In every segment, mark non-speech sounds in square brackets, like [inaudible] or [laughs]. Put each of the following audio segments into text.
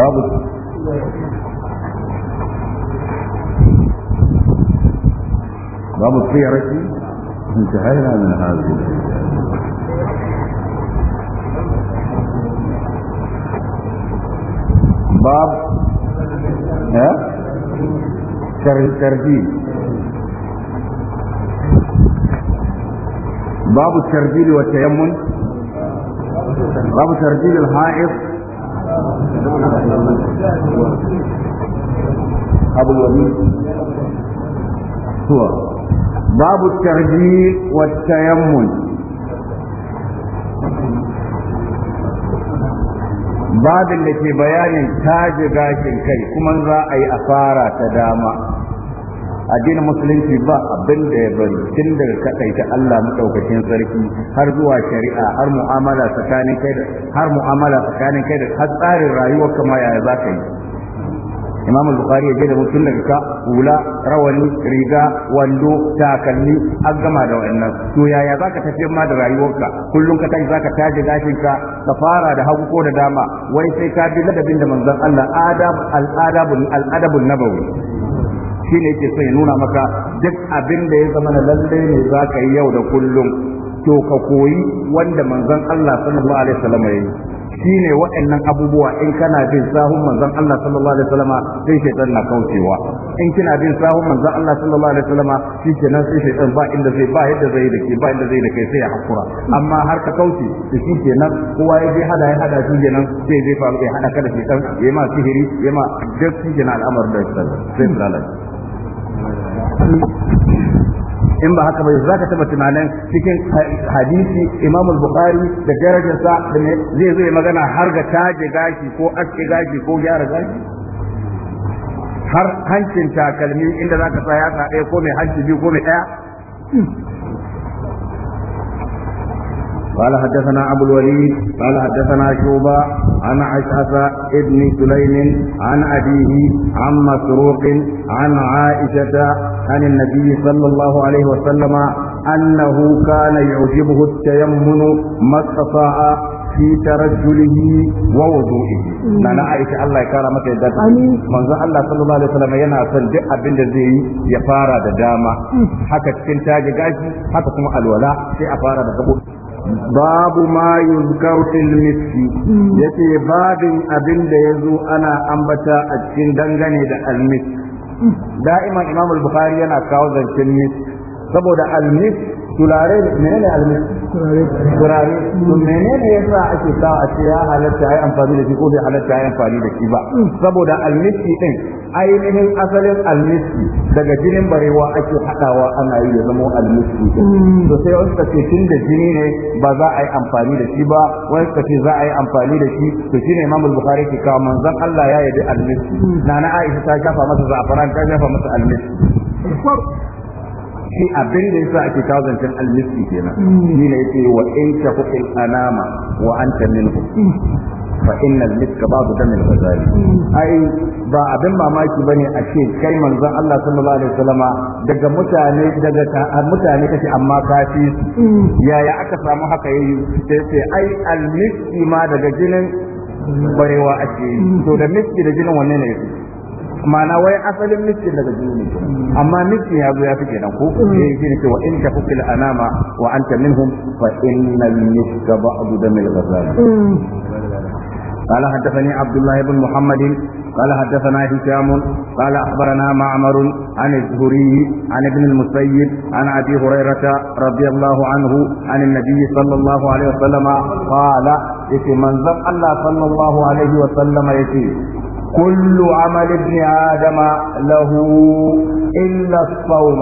ضابط ضابط سيارتي انتهينا من هذه باب ها ترجيل باب الترجيل والتيمم باب ترجيل الحائط Babu الوليد هو باب babin da ke bayanin taje gashin kai kuma za a yi asara ta dama A addinin musulunci ba abin da ya bari tun daga ta Allah madaukakin sarki har zuwa shari'a har mu'amala tsakanin kai da har mu'amala tsakanin kai da har tsarin rayuwar kama yaya za ka yi imam bukhari ya je da mutum daga ka hula rawani riga wando takalmi an gama da wannan to yaya ka tafi ma da rayuwarka kullum ka tashi ka taje gashin ka ka fara da hagu ko da dama wai sai ka bi ladabin da manzon Allah adab al-adabul al-adabul nabawi shine yake son ya nuna maka duk abin da ya zama na lalle ne za ka yi yau da kullum to ka koyi wanda manzon Allah sallallahu alaihi wasallam yayi yi shine waɗannan abubuwa in kana bin sahun manzon Allah sallallahu alaihi wasallam sai shaytan na kaucewa in kina bin sahun manzon Allah sallallahu alaihi wasallam shi ke nan sai shaytan ba inda zai ba yadda zai dake ba inda zai dake sai ya hakura amma har ka kauce to shi ke nan kowa ya je hada ya hada shi ke nan sai zai faru ya hada kada shaytan ya ma sihiri ya ma duk shi ke nan al'amarin da sai sai in ba haka ba za ka taba tunanin cikin hadisi imam bukhari da darajarsa da ne zai zai magana har ga taje gashi ko aske gashi ko gyara gashi har hancin takalmi inda za ka sa yatsa ɗaya ko mai hanci biyu ko mai ɗaya قال حدثنا أبو الوليد قال حدثنا شوبة عن أشعث ابن سليم عن أبيه عن مسروق عن عائشة عن النبي صلى الله عليه وسلم أنه كان يعجبه التيمم ما استطاع في ترجله ووضوئه نانا عائشة الله يكارا متى يدات منذ الله صلى الله عليه وسلم ينا صندق أبن الذي يفارى دداما حتى تنتاج قاشي حتى كما الولاء في أفارى دقبول babu ma yuzkaru fil miski yace babin abin da yazo ana ambata a cikin dangane da almiski da'iman imam al-bukhari yana kawo zancen ne saboda al-mis tulare menene al-mis turare menene yasa ake sa a ce halatta ya amfani da shi ko bai halatta ya amfani da shi ba mm. saboda al-mis din ainihin asalin almisi daga jinin barewa ake hadawa ana yi ya zama almiski mm. to sai wasu ka ce tun da jini ne ba za a yi amfani da shi ba wasu ka ce za a yi amfani da shi to shine Imam Bukhari ke kawo manzon Allah ya yi almiski mm. nana Aisha ta shafa masa zafaran ta shafa masa almiski shi abin da yasa ake kawo zancen almiski kenan mm. shi ne yake wa in shafa anama wa anta minhu fa innal miska ba'du damil ghazali ba abin mamaki ne a ce kai manzon Allah sallallahu alaihi wasallama daga mutane daga mutane kace amma ka yaya aka samu haka yayi sai sai ai al miski ma daga jinin barewa ake to da miski da wanne ne ma'ana wai asalin miskin daga jini ne amma miskin ya zo ya fi kenan ko eh shine wa in ta fukil anama wa anta minhum fa innal miska ba'du damil ghazal قال حدثني عبد الله بن محمد قال حدثنا هشام قال أخبرنا معمر عن الزهري عن ابن المسيب عن أبي هريرة رضي الله عنه عن النبي صلى الله عليه وسلم قال يتي منظم الله صلى الله عليه وسلم يتي كل عمل ابن آدم له إلا الصوم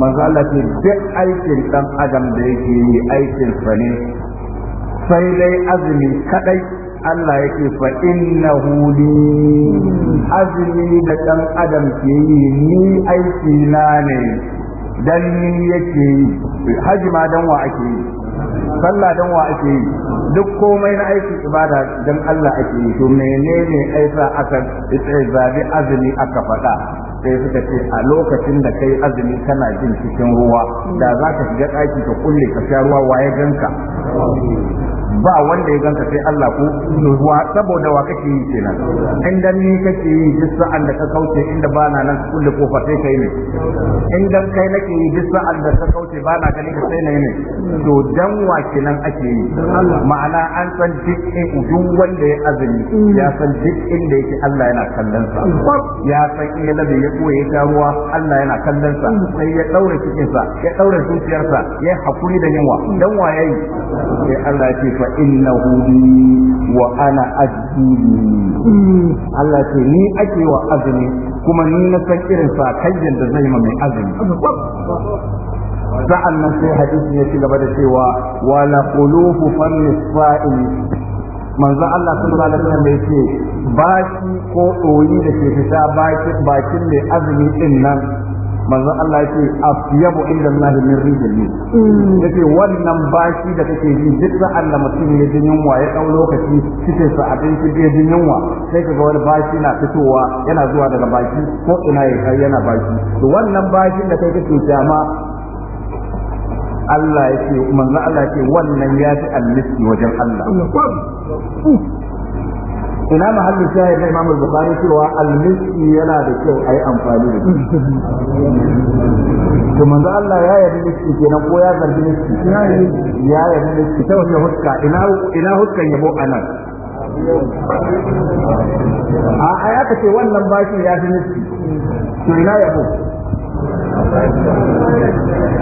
manzo Allah ce duk aikin dan adam da yake yi aikin sa ne sai dai azumi kadai Allah ya ce fa na li azmi da dan adam ke yi ni aiki na ne dan ni yake yi haji ma dan wa ake yi sallah dan wa ake yi duk komai na aiki ibada dan Allah ake yi to menene aisa aka zabi azumi aka faɗa sai suka ce a lokacin da kai azumi kana jin cikin ruwa da za ka shiga ɗaki ka kulle ka sha ruwa waye ganka ba wanda ya ganka sai Allah ko ruwa saboda wa kake yi kenan in dan ni kake yi duk sa'an da ka kauce inda ba na nan kulle kofa sai kai ne in dan kai nake yi duk sa'an da ka kauce ba na ganin ka sai ne ne to dan wa kenan ake yi ma'ana an san duk duk wanda ya azumi ya san duk inda yake Allah yana kallon sa ya san inda da ko ya sha ruwa Allah yana kallon sa sai ya daure cikin sa ya daure zuciyar sa ya hakuri da yunwa dan wa sai Allah ya ce fa innahu wa ana ajini Allah ce ni ake wa azumi kuma ni na san irin sa sakayyar da zai ma mai azumi sa'an nan sai hadisi ya ci gaba da cewa wala qulubu fan nisfa'il manzo Allah sallallahu alaihi wasallam yace baki ko ɗoyi da ke fita bakin mai azumi ɗin nan manzon Allah yake afyabu inda Allah min rijal ne mm. yake wannan baki da kake ji duk da Allah mutum ya jin yunwa ya dau lokaci cikin sa abinci bai jin yunwa sai kaga wani baki na fitowa yana zuwa daga baki ko ina ya kai yana baki to wannan bakin da kai kake jama Allah yake manzon Allah yake wannan ya fi almiski wajen Allah ina mahallin shahid na imamul Bukhari cewa al-miski yana da kyau a yi amfani da shi to manzo Allah ya yarda miski kenan ko ya zargi miski ya yarda miski ta wannan huska ina ina huskan yabo anan a aya aka ce wannan bashi ya fi miski to ina yabo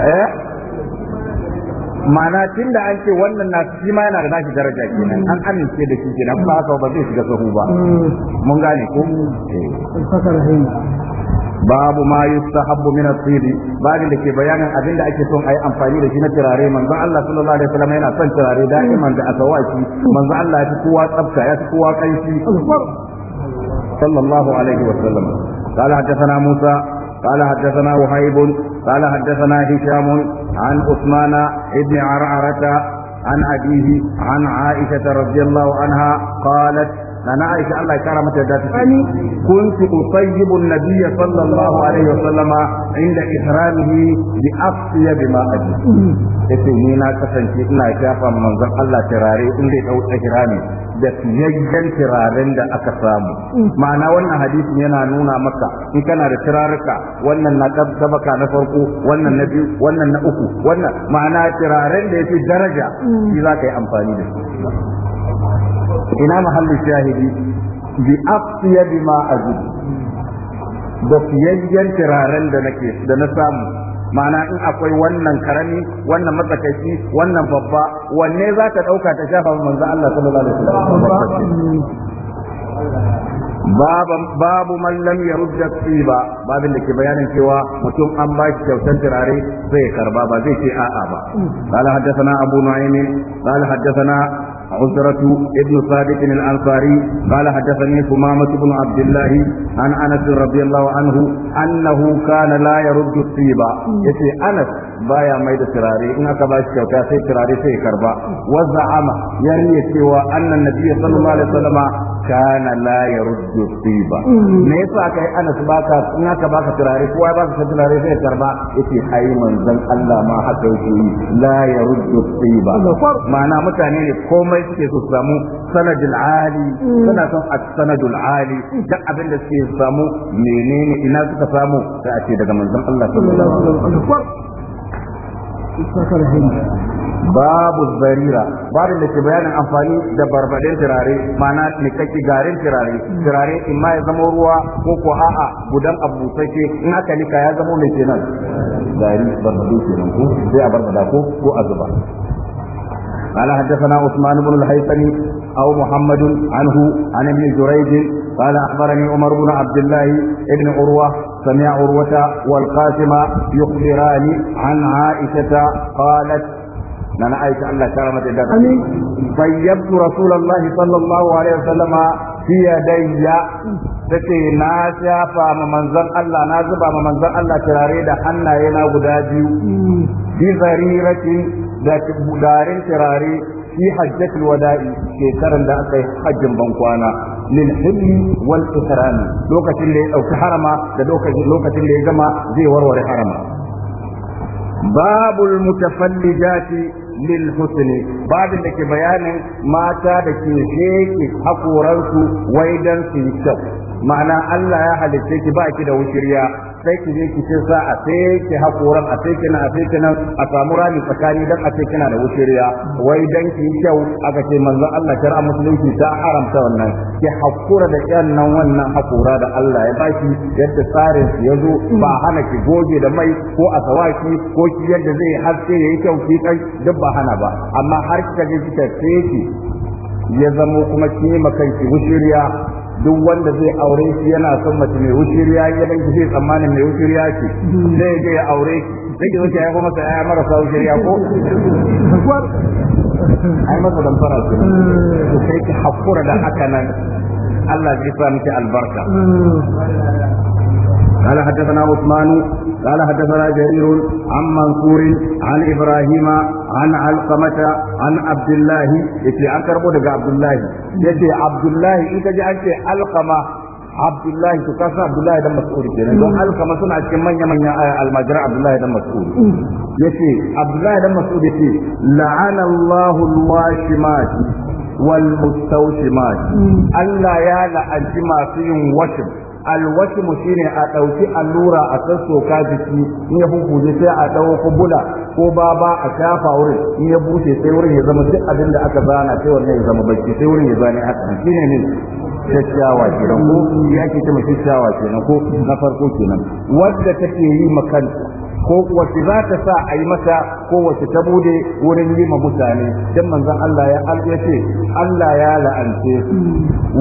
eh ma'ana tun da an ce wannan na shi ma yana da nashi daraja kenan an amince da shi kenan ba haka ba zai shiga sahu ba mun gane ko babu ma yustahabbu min at-tib babu da ke bayanin abin da ake son ayi amfani da shi na turare manzo Allah sallallahu alaihi wasallam yana son turare da'iman da asawaki manzo Allah ya fi kowa tsafta ya fi kowa kanshi sallallahu alaihi wasallam قال حدثنا موسى قال حدثنا وهيب قال حدثنا هشام عن عثمان بن عرعرة عن أبيه عن عائشة رضي الله عنها قالت nana Aisha Allah ya kara mata da ta ce kuntu usayyibu sallallahu alaihi wasallama inda ihramihi bi afsiya bima aji mm-hmm. yace ni na kasance ina shafa manzon Allah tirare in zai dau ihrami da fiyayyen da aka samu mm. ma'ana wannan hadisin yana nuna maka in kana da tirarruka wannan na dabaka na farko wannan na biyu wannan na uku wannan ma'ana tiraren da yafi daraja mm. shi za ka yi amfani da shi ina mahallin shahidi bi afiya bima azid da fiyayyen turaren da nake da na samu ma'ana in akwai wannan karami wannan matsakaici wannan babba wanne za ta ɗauka ta shafa manzo Allah sallallahu alaihi wasallam babu mallam ya rubuta yarudda ba babin da ke bayanin cewa mutum an ba shi kyautar turare zai karba ba zai ce a'a ba qala haddathana abu nu'aym qala haddathana عزرة ابن صادق الأنصاري قال حدثني ثمامة بن عبد الله عن أنس رضي الله عنه أنه كان لا يرد الطيبة يسي أنس بايا ميد تراري إن أكباش كوتا سي تراري سي كربا وزعم يري سوى أن النبي صلى الله عليه وسلم كان لا يرد الطيبة نيسا كي أنس باكا إن أكباك تراري كوا باكا تراري سي كربا يسي حي من ذن الله ما حتى لا يرد الطيبة معنى متعني كومي kawai suke su samu sanadul ali mm. suna son a sanadul ali duk abin da suke samu menene ina suka samu sai a ce daga manzon Allah sallallahu alaihi wasallam babu zarira babu da ke bayanin amfani da barbaɗin turare mana kake garin turare mm. turare in ma ya zama ruwa ko ko a'a gudan abutake in aka nika ya zama mai kenan gari barbade kenan ko sai a barbada ko ko a zuba قال حدثنا عثمان بن الهيثم أو محمد عنه عن ابن جريج قال أخبرني عمر بن عبد الله بن عروة سمع عروة والقاسم يخبران عن عائشة قالت نانا عائشة الله كرمت طيبت رسول الله صلى الله عليه وسلم في يدي tace na shafa ma manzon Allah na zuba ma manzon Allah turare da hannaye na guda biyu bi zariratin da garin turare fi hajjatul wada'i shekaran da aka yi hajjin bankwana lil hilmi wal ihrami lokacin da ya dauki harama da lokacin da ya gama zai warware harama babul mutafallijati lil husni babin da ke bayanin mata da ke sheke hakoransu wai dan su kyau ma'ana Allah ya halitta ki ba ki da wushiriya sai ki je ki sa a sai ki hakoran a sai kina a sai kina a samu rami tsakani dan a sai kina da wushiriya wai dan ki kyau aka ce manzo Allah shar'a musulunci ta haramta wannan ki hakura da yan nan wannan hakura da Allah ya baki yadda tsarin su zo ba hana ki goge da mai ko a sawaki ko ki yadda zai haske yayi kyau ki kai duk ba a hana ba amma har ka ji kika feki ya zamo kuma ki makan ki wushiriya duk wanda zai aure shi yana son mace mai wushiriya ya dan ki tsammanin mai wushiriya ce Zai ga ya aure sai ki wuce ya kuma sai ya marasa wushiriya ko ai masa dan fara ce sai ki hakura da haka nan Allah zai sa miki albarka mm. قال حدثنا عثمان قال حدثنا جرير عن منصور عن إبراهيم عن علقمة عن عبد الله يتي أكرم عبد الله يتي عبد الله إذا جاءت علقمة Abdullahi to kasa Abdullahi dan Mas'ud kenan don alkama suna cikin manya manyan almajira Abdullahi dan Mas'ud yace Abdullahi dan Mas'ud yace la'ana Allahu al-washimat wal mustawshimat Allah ya la'anci masu yin washim mu shine a ɗauki allura a sassoka jiki in ya hukuje sai a dawo kubula ko baba a shafa wurin in ya bushe sai wurin ya zama duk abinda da aka zana sai wannan ya zama bacci sai wurin ya zane haka shine ne shashawa kenan ko ya ake kenan ko na farko kenan wadda take yi makanta ko wace za ta sa a yi mata ko wace ta bude wurin yi ma mutane dan manzon Allah ya alƙace Allah ya la'ance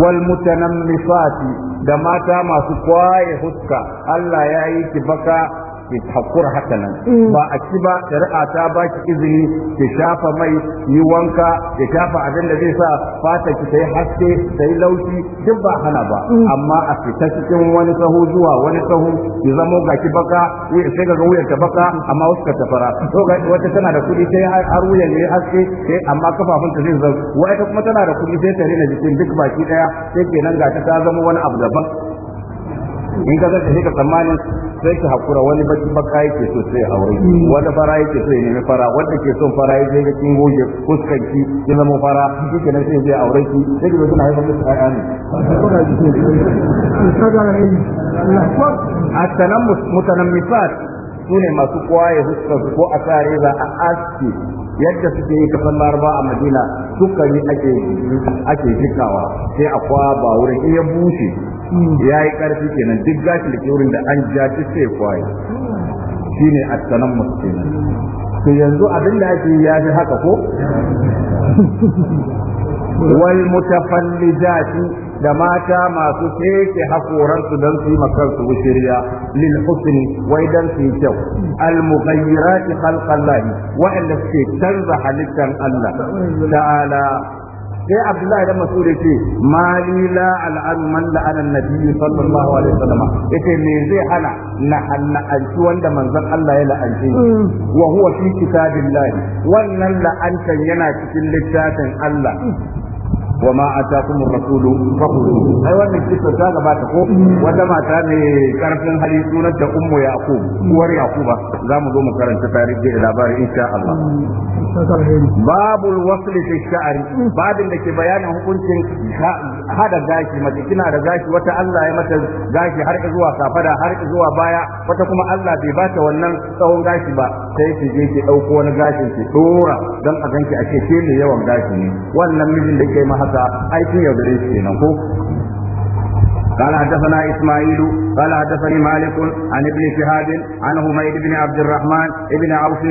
wal mutanammifati da mata masu kwaye huska Allah ya yi ki baka ki hakura haka nan mm. ba a ci ba shari'a ta ba ki izini ki shafa mai yi wanka ki shafa abin da zai sa fata ki sai haske sai laushi duk ba hana ba mm. amma a fita cikin wani sahu zuwa wani sahu ki zamo ga ki baka sai ga wuyar ta baka amma wasu ka tafara to ga wata tana da kuɗi sai har wuyan ya haske sai amma ta zai zama wai ta kuma tana da kuɗi sai ta rena jikin duk baki daya sai kenan ga ta zama wani abu daban in ka zaka sai ka tsammanin sai ta hakura wani baki baka yake so sai aure wani fara yake so ya nemi fara wanda ke son fara ya je kin goge fuskan ki ya zama fara shi kenan sai ya aure ki sai ki kuna haifar da ayyan at-tanammus su ne masu kwaye fuskar ko a tare za a aski yadda suke yi kasan laraba a madina sukari ake jikawa sai a kwaba wurin in bushe ya yi ƙarfi kenan duk gashin da ke da an ja duk sai kwaye shine at-tanammus kenan to yanzu abin da ake ya fi haka ko wal mutafallijati da mata masu keke hakoransu don su yi makansu shirya lil husni wai don su yi kyau al mughayyirati khalqan lahi wa'anda suke canza halittar Allah ta'ala sai abdullahi dan mas'ud yace mali la al'an man la'ana annabi sallallahu alaihi wasallam yace me zai hana na la'anci wanda manzon Allah ya la'anci mm. wa huwa fi kitabillah wannan la'antan yana cikin littafin Allah wa ma atakum rasulu fakhudhu ai wannan kisa ta gabata ko wata mata ne karfin hali sunan da ummu yaqub uwar yaquba zamu zo mu karanta tarihi da labarin insha Allah babul wasl fi sha'ri babin da ke bayanin hukuncin hada gashi mace kina da gashi wata Allah ya mata gashi har zuwa safada, har zuwa baya wata kuma Allah bai bata wannan tsawon gashi ba sai ki je ki dauko wani gashin ki dora dan a ganki a ce ke ne yawan gashi ne wannan mijin da ke ma haka ai sun yaudare shi kenan ko قال حدثنا إسماعيل قال حدثني مالك عن ابن شهاب عن حميد بن عبد الرحمن بن عوف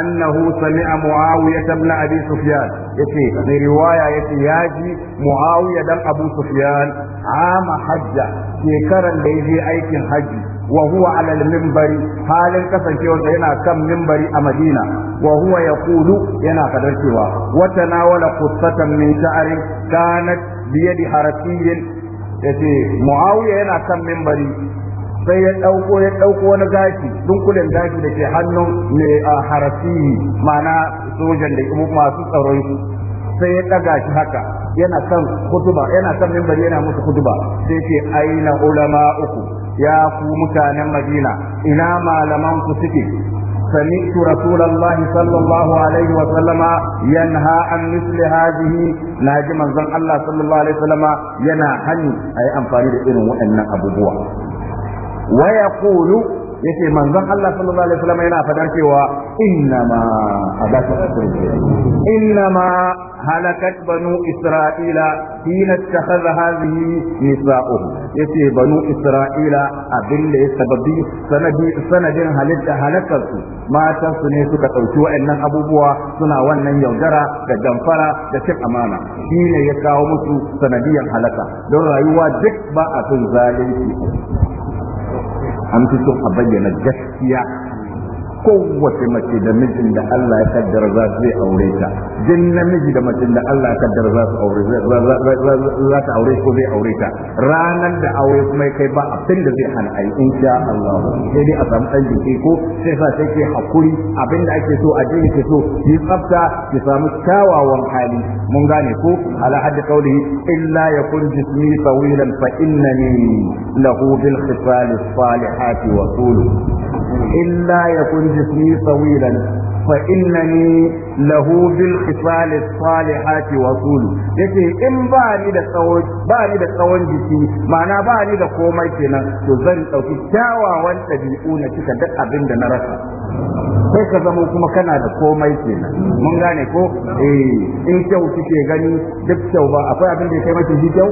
أنه سمع معاوية بن أبي سفيان يتي في رواية يتي ياجي معاوية بن أبو سفيان عام حجة شكرا ليجي أيك حجي وهو على المنبر حال كسنكيو yana kan minbari a Madina wa huwa yaqulu yana kadar cewa wa tanawala qussatan min sha'rin kanat biyadi harasiyyin yace muawiya yana kan mimbari sai ya dauko ya dauko wani gashi dunkulen gashi da ke hannun mai harafi mana sojan da masu tsaron sai ya daga shi haka yana kan kutuba yana kan mimbari yana musu kutuba sai ce aina ulama uku ya ku mutanen madina ina malaman ku suke سمعت رسول الله صلى الله عليه وسلم ينهى عن مثل هذه ناجي من زن الله صلى الله عليه وسلم ينهى حني أي أنفاني لإنه وإن أبو بوا ويقول yace manzon Allah sallallahu alaihi wasallam yana fadar cewa innama halaka innama halakat banu isra'ila hina takhadha hadhihi nisa'uhu yace banu isra'ila abin da ya sababi sanadi sanadin halitta halakar su matan su ne suka dauki wa'annan abubuwa suna wannan yaudara da damfara da cin amana shine ya kawo musu sanadiyan halaka don rayuwa duk ba a son zalunci an fi so a bayyana gaskiya kowace mace da mijin da Allah ya kaddara za su zai aure ta din namiji da mace da Allah ya kaddara za su aure za ta aure ko zai aure ta ranar da aure kuma kai ba abin da zai hana ai insha Allah sai dai a samu dan jiki ko sai sa sai ke hakuri abin da ake so a je ke so ki tsafta ki samu kyawawan hali mun gane ko ala hadda qawlihi illa yakun jismi tawilan fa innani lahu bil khisal salihati wa illa yakun جسمي طويلا فإنني له بالخصال الصالحات وصول yace in ba ni da tsawon da tsawon jiki ma'ana bani da komai kenan to zan ɗauki kyawawan ɗabi'u na cika duk abin da na rasa sai ka zama kuma kana da komai kenan mun gane ko eh in kyau kike gani duk kyau ba akwai abin da ya kai maciji kyau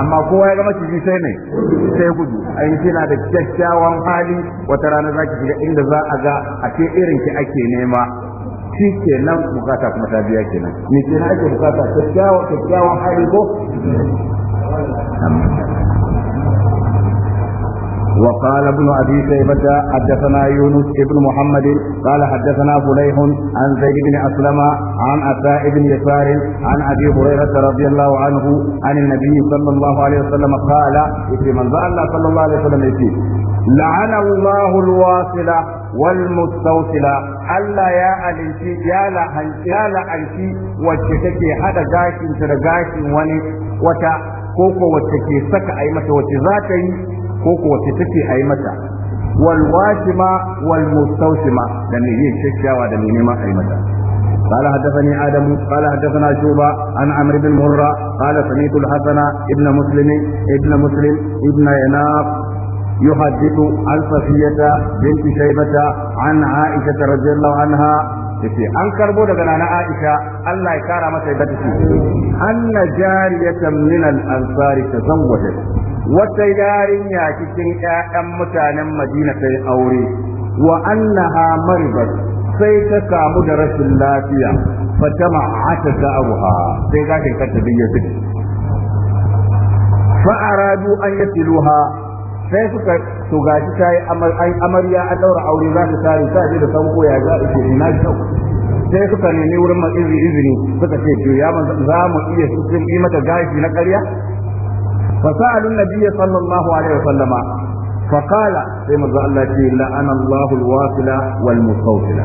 amma kowa ya ga maciji sai ne sai gudu ai kina da kyakkyawan hali wata rana za ki shiga inda za a ga a ce irin ki ake nema shi kenan bukata kuma ta biya kenan ni kenan ake bukata kyakkyawan hali ko وقال ابن ابي شيبه حدثنا يونس بن محمد قال حدثنا فليح عن زيد بن اسلم عن عطاء بن يسار عن ابي هريره رضي الله عنه عن النبي صلى الله عليه وسلم قال في من الله صلى الله عليه وسلم يتي لعن الله الواصله والمستوصله Allah ya alinci ya lahanci ya la'anci wacce take hada gashin ta da gashin wani wata ko ko wacce ke saka ai mata wacce za ta yi ko kuwa ce take a yi mata wal washima wal mustawshima da ne yin shakkiyawa da ne neman a yi mata قال حدثني آدم قال حدثنا شوبة عن عمرو بن مرة قال سمعت الحسن ابن مسلم ابن مسلم ابن يناف يحدث عن صفية بنت شيبة عن عائشة رضي الله عنها yake an karbo daga nana Aisha Allah ya kara mata yadda take anna jariyatan min al-ansari tazawwajat wata yarinya cikin ƴaƴan mutanen Madina ta aure wa annaha maribat sai ta kamu da rashin lafiya fatama ata sa'aruha sai ga kanta duk ya fa aradu an sai suka to ta yi amarya daura aure za ta tare ta je da ya ina kyau sai suka nemi wurin mai izini suka ce to ya za mu iya sun yi mata na ƙarya النبي صلى الله عليه وسلم فقال كما قال الله لعن الله الواصلة والمستوصلة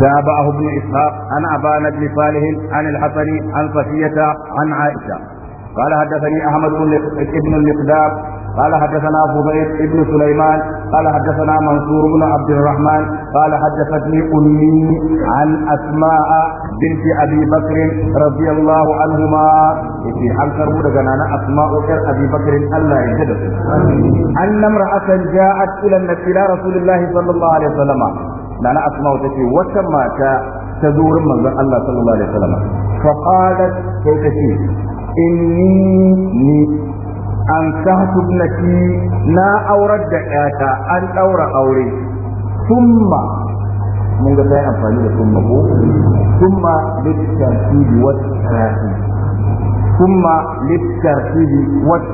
تابعه ابن إسحاق عن أبان بن صالح عن الحسن عن صفية عن عائشة قال حدثني أحمد بن المقدار قال حدثنا فضيل بن سليمان قال حدثنا منصور بن عبد الرحمن قال حدثتني أمي عن أسماء بنت أبي بكر رضي الله عنهما في حنكر ودغنا أسماء أبي بكر الله يهدف أن امرأة جاءت إلى النبي رسول الله صلى الله عليه وسلم نانا أسماء تتي وكما تزور من الله صلى الله عليه وسلم فقالت كيف إني an kahtu naki na aurar da ƴata an ɗaura aure summa mun ga sai amfani da summa ko summa littartibi wat-tarahi summa littartibi wat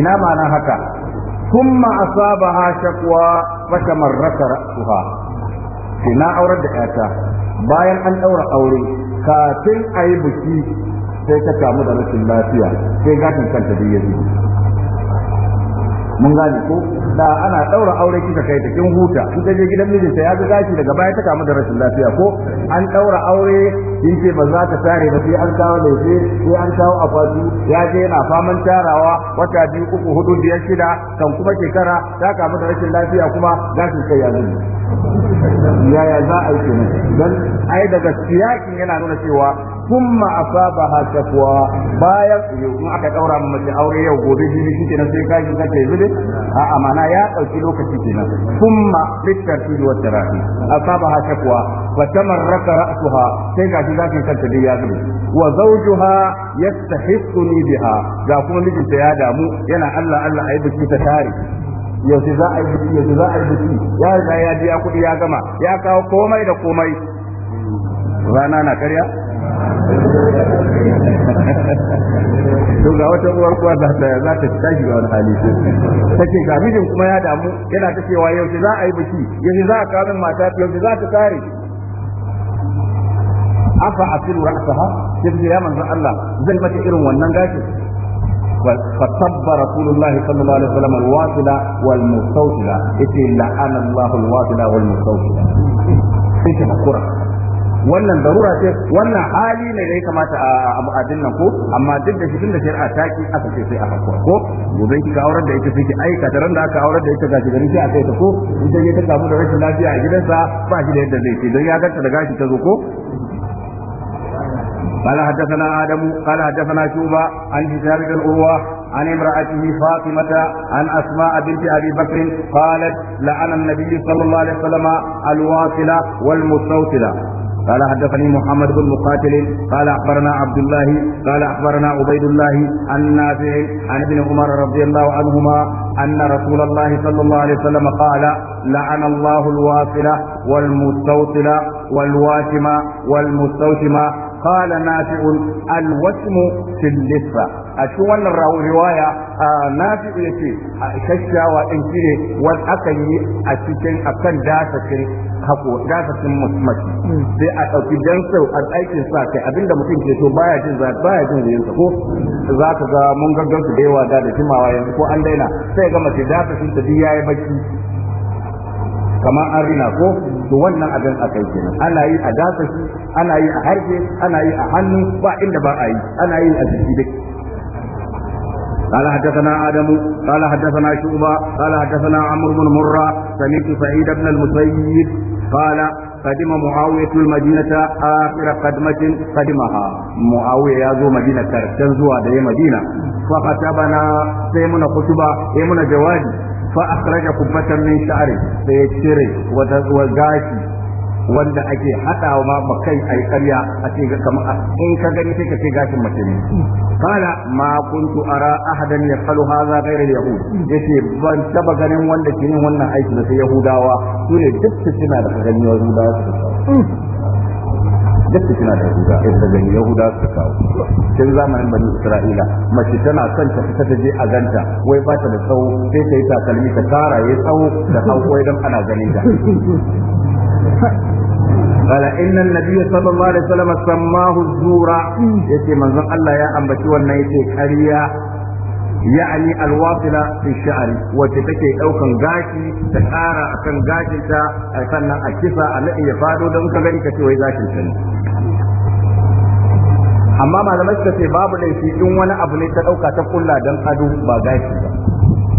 ina ma'ana haka summa asabaha shakwa fa tamarrata ra'suha Ina aurar da ƴata bayan an ɗaura aure kafin a yi biki sai ka samu da rashin lafiya sai gashin kanta da yaji mun gane ko da ana daura aure kika kai ta kin huta in ta je gidan mijinta ya ga gashi daga baya ta kamu da rashin lafiya ko an daura aure in ce ba za ta tare ba sai an kawo shi sai an kawo akwati ya je yana faman tarawa wata biyu uku hudu biyar shida kan kuma shekara ta kamu da rashin lafiya kuma gashin kai ya zubi yaya za a yi kenan don ai daga siyakin yana nuna cewa thumma asabaha taqwa bayan in aka daura mace aure yau gobe shi shi kenan sai ka shi kace zule a amana ya dauki lokaci kenan thumma bitartib wa tarahi asabaha taqwa fa tamarraka ra'suha sai ga shi zakin kanta dai ya zube wa zawjuha yastahiquni biha ga kuma mijinta ya damu yana Allah Allah ayi biki ta tare Yanzu za a yi biki yanzu za a yi biki ya riga ya biya kuɗi ya gama ya kawo komai da komai rana na karya to ga wata uwar kuwa za ta za ta tashi ga wani hali ta ce ga mijin kuma ya damu yana ta cewa yau za a yi biki yau za a kawo mata yau za ta tare afa asiru ra'saha yace ya manzo Allah zai mata irin wannan gashi فصب رسول الله صلى الله عليه وسلم الواصلة والمستوصلة la'ana لعن الله الواصلة والمستوصلة إتي مكورة wannan darura ce wannan hali ne da ya kamata a abin nan ko amma duk da shi tun da shari'a ta ki aka ce sai aka hakura ko gobe ki ka auren da ita sai ki aika da ran da aka aurar da ita gashi garin sai a kai ta ko ita ne ta samu da rashin lafiya a gidansa ba shi da yadda zai ce don ya ganta da gashi ta zo ko قال حدثنا آدم قال حدثنا شوبة عن هشام بن عروة عن امرأته فاطمة عن أسماء بنت أبي بكر قالت لعن النبي صلى الله عليه وسلم الواصلة والمستوصلة قال حدثني محمد بن مقاتل قال اخبرنا عبد الله قال اخبرنا عبيد الله عن نافع عن ابن عمر رضي الله عنهما ان رسول الله صلى الله عليه وسلم قال لعن الله الواصله والمستوصله والواشمه والمستوشمه قال نافع الوسم في اللفه أشو cikin wannan نافع a nafi'u ya ce a shashawa ɗin hako dakatin mace sai a ɗauki dan sau a aikin sa kai abinda mutum ke so baya jin za baya jin zuyin ko za ka ga mun gaggar su da yawa da jimawa yanzu ko an daina sai ga mace dakatin ta duk yayi bacci kamar an rina ko to wannan abin a kai kenan ana yi a shi ana yi a harfe ana yi a hannu ba inda ba a yi ana yi a jiki duk قال حدثنا آدم قال حدثنا شعبة قال حدثنا عمرو بن مرة سمعت سعيد بن المسيب قال قدم معاوية المدينة آخر قدمة قدمها معاوية يازو مدينة تنزوها دي مدينة فخطبنا سيمنا خطبة يمنا جواد فأخرج قبة من شعره فيشتري وغاشي wanda ake hadawa ma a ai karya a ce ga kamar in ka gani sai ka ce gashin mace ne Kala ma kuntu ara ahadan haza hadha ghayra yahud yace ban taba ganin wanda ke yin wannan aiki da sai yahudawa su ne duk su suna da ganin yahudawa duk su suna da yahuda ai eh, da ganin yahuda su kawo tun zamanin bani isra'ila mace tana son ta fita ta je a ganta wai ba ta da tsawo sai ta yi takalmi ta kara ya tsawo da hawai don ana ganin ta Bari in nan na biyu saboda kala masu mahajjura yake yi mazan Allah ya anɓa wannan na yake karya ya'ani alwafina sun sha'ani. Wace ta ke ɗaukan gashi ta kara akan gashin ta a kisa a na'iyya fadon, don ka gani ka wai za ka Amma malamai suke ce babu ɗaisu, in wani abu ne ta ɗauka ta kulla dan adu ba gashi ba,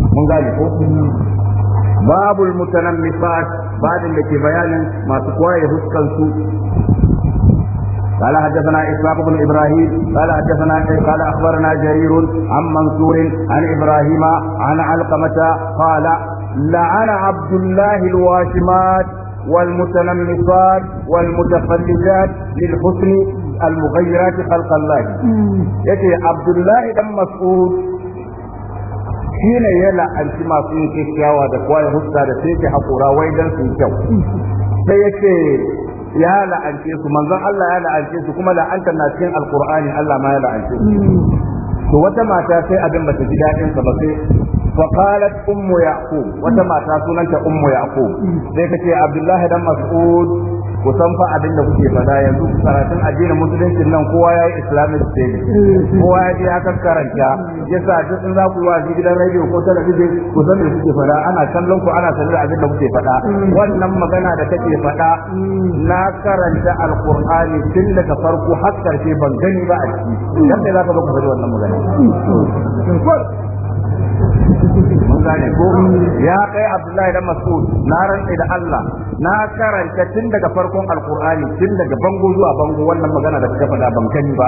mun gaji ko باب المتنمصات بعد التي بيان ما masu kwaye قال حدثنا اسحاق بن ابراهيم قال حدثنا إيه، قال اخبرنا جرير عن منصور عن ابراهيم عن علقمه قال لعن عبد الله الواشمات والمتنمصات والمتفلجات للحسن المغيرات خلق الله يتي عبد الله بن مسعود shi ne ya la'anci masu yin kyakkyawa da ya hussa da sai hakora wai dan su kyau sai yake ya la'ance su manzon Allah ya la'ance su kuma la'anta na cikin alqur'ani Allah ma ya la'ance su to wata mata sai abin bata ji daɗin sa ba sai fa qalat ummu yaqub wata mata sunanta ummu yaqub sai kace abdullahi dan mas'ud ku san fa abin da kuke faɗa yanzu karatun addinin musulunci nan kowa ya yi islamic study kowa ya je aka karanta yasa duk in za ku yi wazi gidan radio ko talabijin ku san da kuke faɗa ana kallon ku ana sanar abin da kuke faɗa wannan magana da kake faɗa na karanta Alkur'ani tun daga farko har karshe ban gani ba a ciki dan za ka zo ku faɗi wannan magana hmm. mun gane ko ya kai abdullahi dan mas'ud na rantsa da Allah na karanta tun daga farkon alqur'ani tun daga bango zuwa bango wannan magana da ta faɗa ban kani ba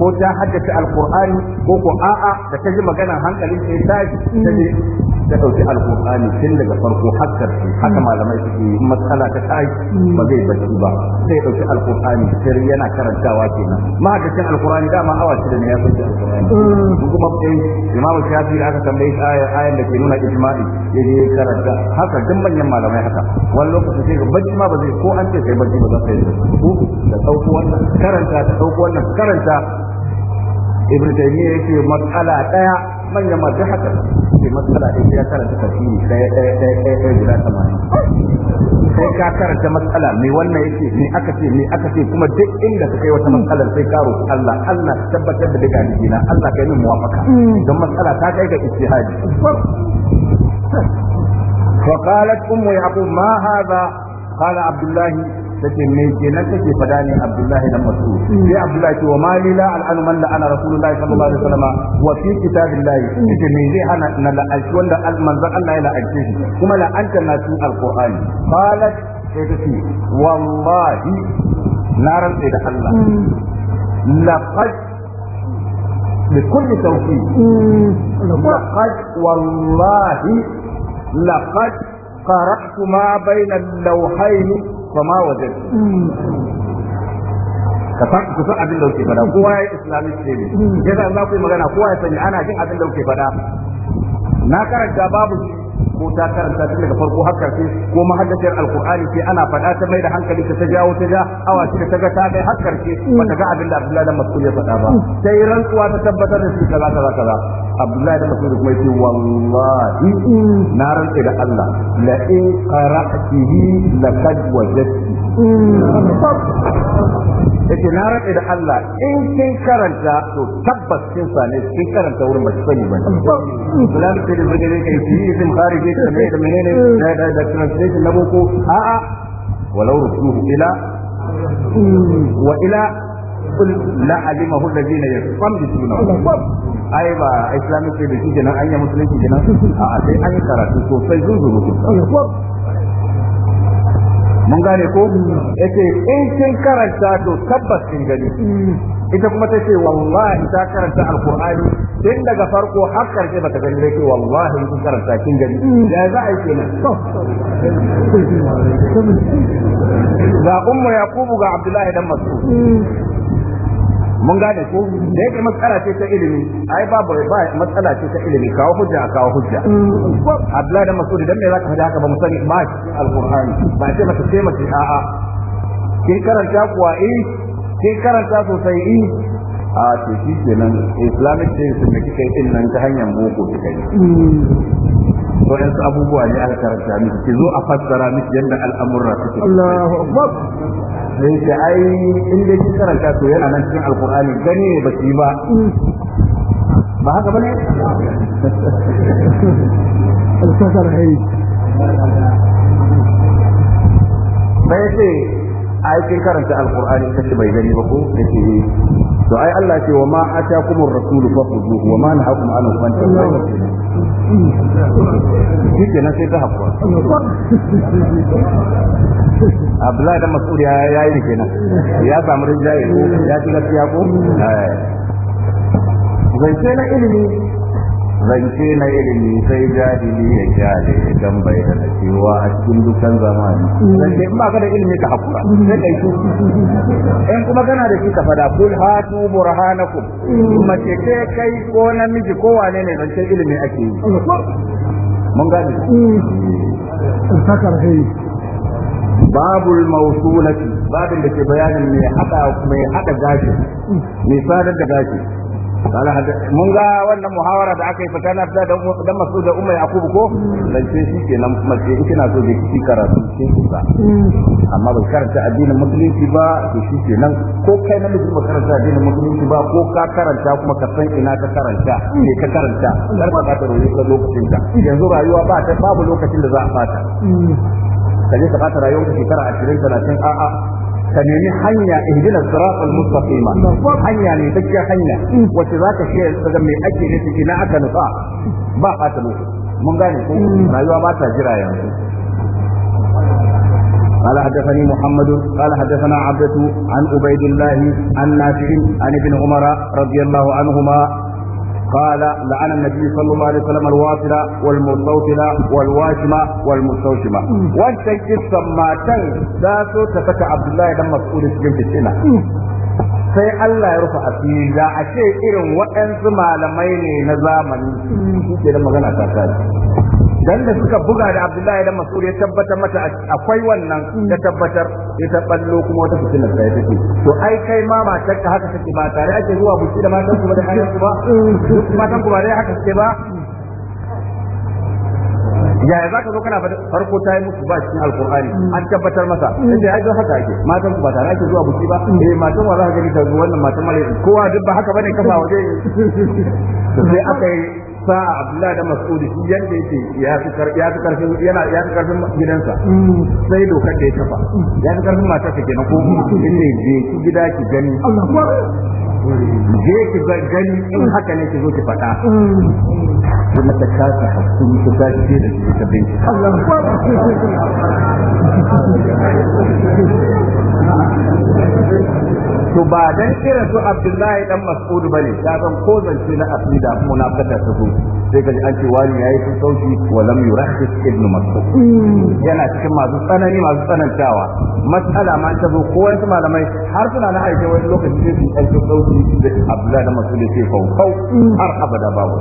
ko ta haddace alqur'ani ko ko a'a da ta ji magana hankalin sai ta ji ta dauki alqur'ani tun daga farko har karshe haka malamai suke matsala ta tashi ba zai bace ba sai dauki alqur'ani sai yana karantawa kenan ma haddace alqur'ani dama awa shida ne ya fita alqur'ani kuma eh, imamu shafi da aka tambaye ayar ayar da ke nuna ijma'i ya je ya karanta haka duk manyan malamai haka wani lokaci sai ga bacci ma ba zai ko an ce sai bacci ba za ta yi da ɗauko wannan karanta da ɗauko wannan karanta ibn taymiya yake matsala ɗaya manyan masu haka ke matsala ɗin ya karanta ɗaya ɗaya ɗaya ɗaya ɗaya guda tamanin sai ka karanta matsala me wannan yake aka ce aka ce kuma duk inda ka kai wata matsalar sai ka Allah Allah tabbatar da daga Allah kai min muwafaka don matsala ta kai ga ijtihadi فقالت أم يعقوب ما هذا قال عبد الله tace me kenan kake fada ne Abdullahi dan sai Abdullahi ce wa mali la al'anu man ana Rasulullahi sallallahu alaihi wasallam wa fi kitabillahi tace me zai na la'alci wanda manzon Allah ya la'alce shi kuma la'anta na cikin alqur'ani qalat sai tace wallahi na rantsa da Allah laqad بكل توفيق لقد والله لقد قرأت ما بين اللوحين fama wajen ka san ku san abin da kuke fada kowa ya islamic ne? Mm. yasa za ku yi magana kowa ya sani ana jin abin da kuke fada na karanta babu ko ta karanta tun daga farko har karshe ko mahaddaciyar alkur'ani sai ana faɗa ta mai da hankali ta ta jawo ta ja awa shida ta ga ta kai har karshe bata ga abin da Abdullahi dan Mas'ud ya faɗa ba sai rantsuwa ta tabbatar da shi kaza kaza kaza Abdullahi dan Mas'ud kuma yace wallahi na rantsa da Allah la in qara'tihi laqad wajadti mm. yace na rade da Allah in kin karanta to tabbas kin sane kin karanta wurin baki sani ba Islam sai da zai kai shi isim khariji da me da menene da da translation na boko a a walau rusuhu ila wa ila la alimahu alladhina yastamduna ai ba islamic da shi kenan an musulunci kenan a sai an karatu sosai zuzuru mun gane ko yace in kin karanta to tabbas kin gani ita kuma ta ce wallahi ta karanta alqur'ani tun daga farko har karshe bata gani ba ce wallahi kin karanta kin gani da za a yi kenan ga ummu yaqubu ga abdullahi dan mas'ud mun gane ko da yake matsala ce ta ilimi ai ba ba matsala ce ta ilimi kawo hujja kawo hujja Abdullahi dan Masudi dan me zaka faɗa haka ba mu sani ba alqur'ani ba ce mata sai mace a a kin karanta kuwa eh kin karanta sosai eh a to shi kenan islamic science da kike din nan ta hanyar boko kai. yi yanzu abubuwa ne aka karanta miki ki zo a fassara miki yadda al'amurra suke Allahu akbar da yake ai in dai kin karanta to yana nan cikin alqur'ani gane ba shi ba ba haka bane bai ce ai kin karanta alqur'ani kace bai gani ba ko eh. to ai Allah ce wa ma atakumur rasulu fakhuzuhu wa ma nahakum anhu fantahu shike na sai ta hakura Abdullahi da Mas'ud ya yayi ne kenan ya samu rinjaye ya ci gaskiya ko eh. zance na ilimi zance na ilimi sai jahili ya kyale ya tambaye da cewa a cikin dukkan zamani zance in ba ka da ilimi ka hakura sai kai su in kuma kana da shi ka fada kul hatu burhanakum mace ce kai ko namiji ko wane ne zance ilimi ake yi mun gane mm. babul mawsulati babin da ke bayanin mai hada mai hada gashi mai sadar da gashi قال من ga wannan muhawara da aka yi fita na fita dan masu da umma yakubu ko zance shi ke nan mace in kina so ki ci karatu sai ki sa amma ba karanta addinin musulunci ba to shi ke nan ko kai na miji ba karanta addinin musulunci ba ko ka karanta kuma ka san ina ka karanta me ka karanta kar ba ka roye ka lokacin ka yanzu rayuwa ba ta babu lokacin da za a fata kaje ka fata rayuwar shekara 20 30 a'a ka nemi hanya ihdina siratal mustaqima hanya ne take hanya wacce za ka shirya daga mai ake nufi ina aka nufa ba fata mun gane ko rayuwa ba ta jira yanzu قال حدثني محمد قال حدثنا عبدة عن عبيد الله عن نافع عن ابن عمر رضي الله عنهما قال لعن النبي صلى الله عليه وسلم الواصلة والمستوصلة والواشمة والمستوشمة وانت السماتين ذاته تتك عبد الله بن مسعود في السنة sai Allah ya rufe asiri da a ce irin waɗansu malamai ne na zamani Su ke da magana ta tsari dan da suka buga da Abdullahi da Mas'ud ya tabbatar mata akwai wannan ya tabbatar ya taballo kuma wata fitinar sai take to ai kai ma ba ta haka take ba tare ake zuwa buci da matan ku ba da kayan ku ba matan ku ba dai haka take ba yaya zaka zo kana farko ta yi muku ba cikin alkur'ani an tabbatar masa ya zo haka ake matan ku ba tare ake zuwa buki ba eh matan wa za ka gani ta zo wannan matan mare kowa duk ba haka bane kafa waje sai aka yi sa'a Abdullah da Mas'ud shi yanda yake ya fi ya fi karfin yana ya fi karfin gidansa sai dokar da ya kafa ya fi karfin matar ta kenan ko inda je ki gida ki gani je ki gani in haka ne ki zo ki faɗa kuma ta kasa hakuri ta tashi da shi ta bin to ba dan irin su Abdullahi dan Mas'ud bane ya zan ko zance na asida munafata ta zo sai kaji an ce wani yayi sun sauki wa lam yurahis ibn Mas'ud yana cikin masu tsanani masu tsanantawa mas'ala ma ta zo ko wani malamai har suna na aike wani lokaci sai su ɗauki sauki da Abdullahi dan Mas'ud ya ce kau har abada babu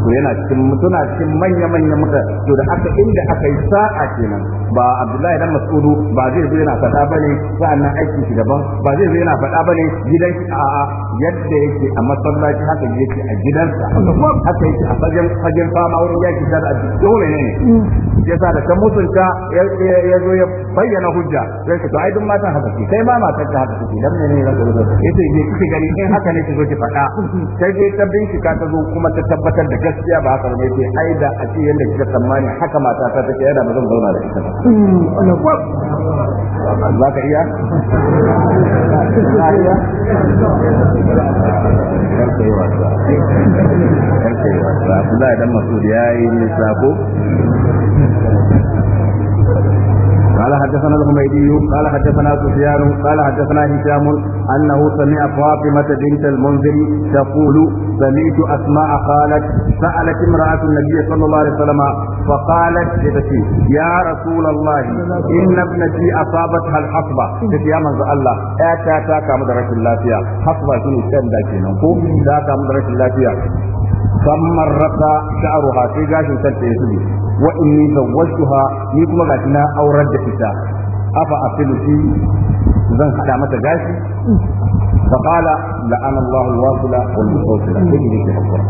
to yana cikin mutuna cikin manya manya muka to da aka inda aka yi sa'a kenan ba Abdullahi dan Mas'udu ba zai zo yana fada bane sa'annan aiki shi daban ba zai zo yana fada bane gidan shi a yadda yake a masallaci haka yake a gidansa haka yake a fajen fajen fama wurin yaki da dole ne ya sa da ta mutunta ya zo ya bayyana hujja zai ka to ai duk matan haka ce kai ma matan ta haka ce dan menene zaka zo ya ce ne kike gari in haka ne ki zo ki faɗa sai dai ta bincika ta zo kuma ta tabbatar da gaskiya ba haka ne yace ai da a ce yanda kika tsammani haka mata ta take yana ba zan zauna da ita ba za ka iya Abdullahi dan da ya yi nisa ko قال حدثنا الحميدي قال حدثنا سفيان قال حدثنا هشام انه سمع فاطمه بنت المنذر تقول سمعت اسماء قالت سالت امراه النبي صلى الله عليه وسلم فقالت لبتي يا رسول الله ان ابنتي اصابتها الحصبه قلت يا من الله اتا تا كامدرك الله فيها حصبه شنو كان داكي نكو دا كامدرك الله فيها kan marrata sha'ruha sai gashin kanta ya zube wa inni zawwajtuha ni kuma gashi na aurar da ita afa asilu shi zan hada mata gashi fa qala la'ana Allahu al-wasila wal mustawsila sai yake hakura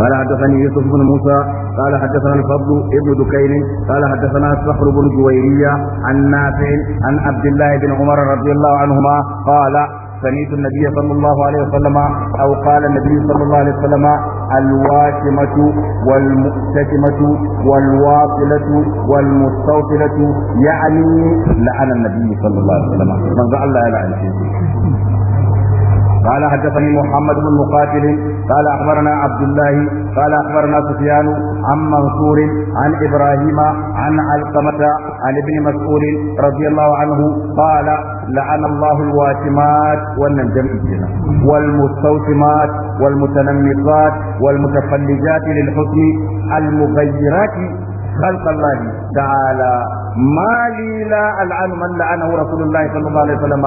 قال حدثني يوسف بن موسى قال حدثنا الفضل ابن دكين قال حدثنا صخر بن جويرية عن نافع عن عبد الله بن عمر رضي الله عنهما قال سميت النبي صلى الله عليه وسلم أو قال النبي صلى الله عليه وسلم الواشمة والمؤتكمة والواصلة والمستوصلة يعني لعن النبي صلى الله عليه وسلم من الله يلعن قال حدثني محمد بن مقاتل قال أخبرنا عبد الله قال أخبرنا سفيان عن منصور عن إبراهيم عن علقمة عن ابن مسعود رضي الله عنه قال لعن الله الواتمات والنجمتين والمستوتمات والمتنمصات والمتفلجات للحكم المغيرات خلق الله تعالى ما لي لا العن من لعنه رسول الله صلى الله عليه وسلم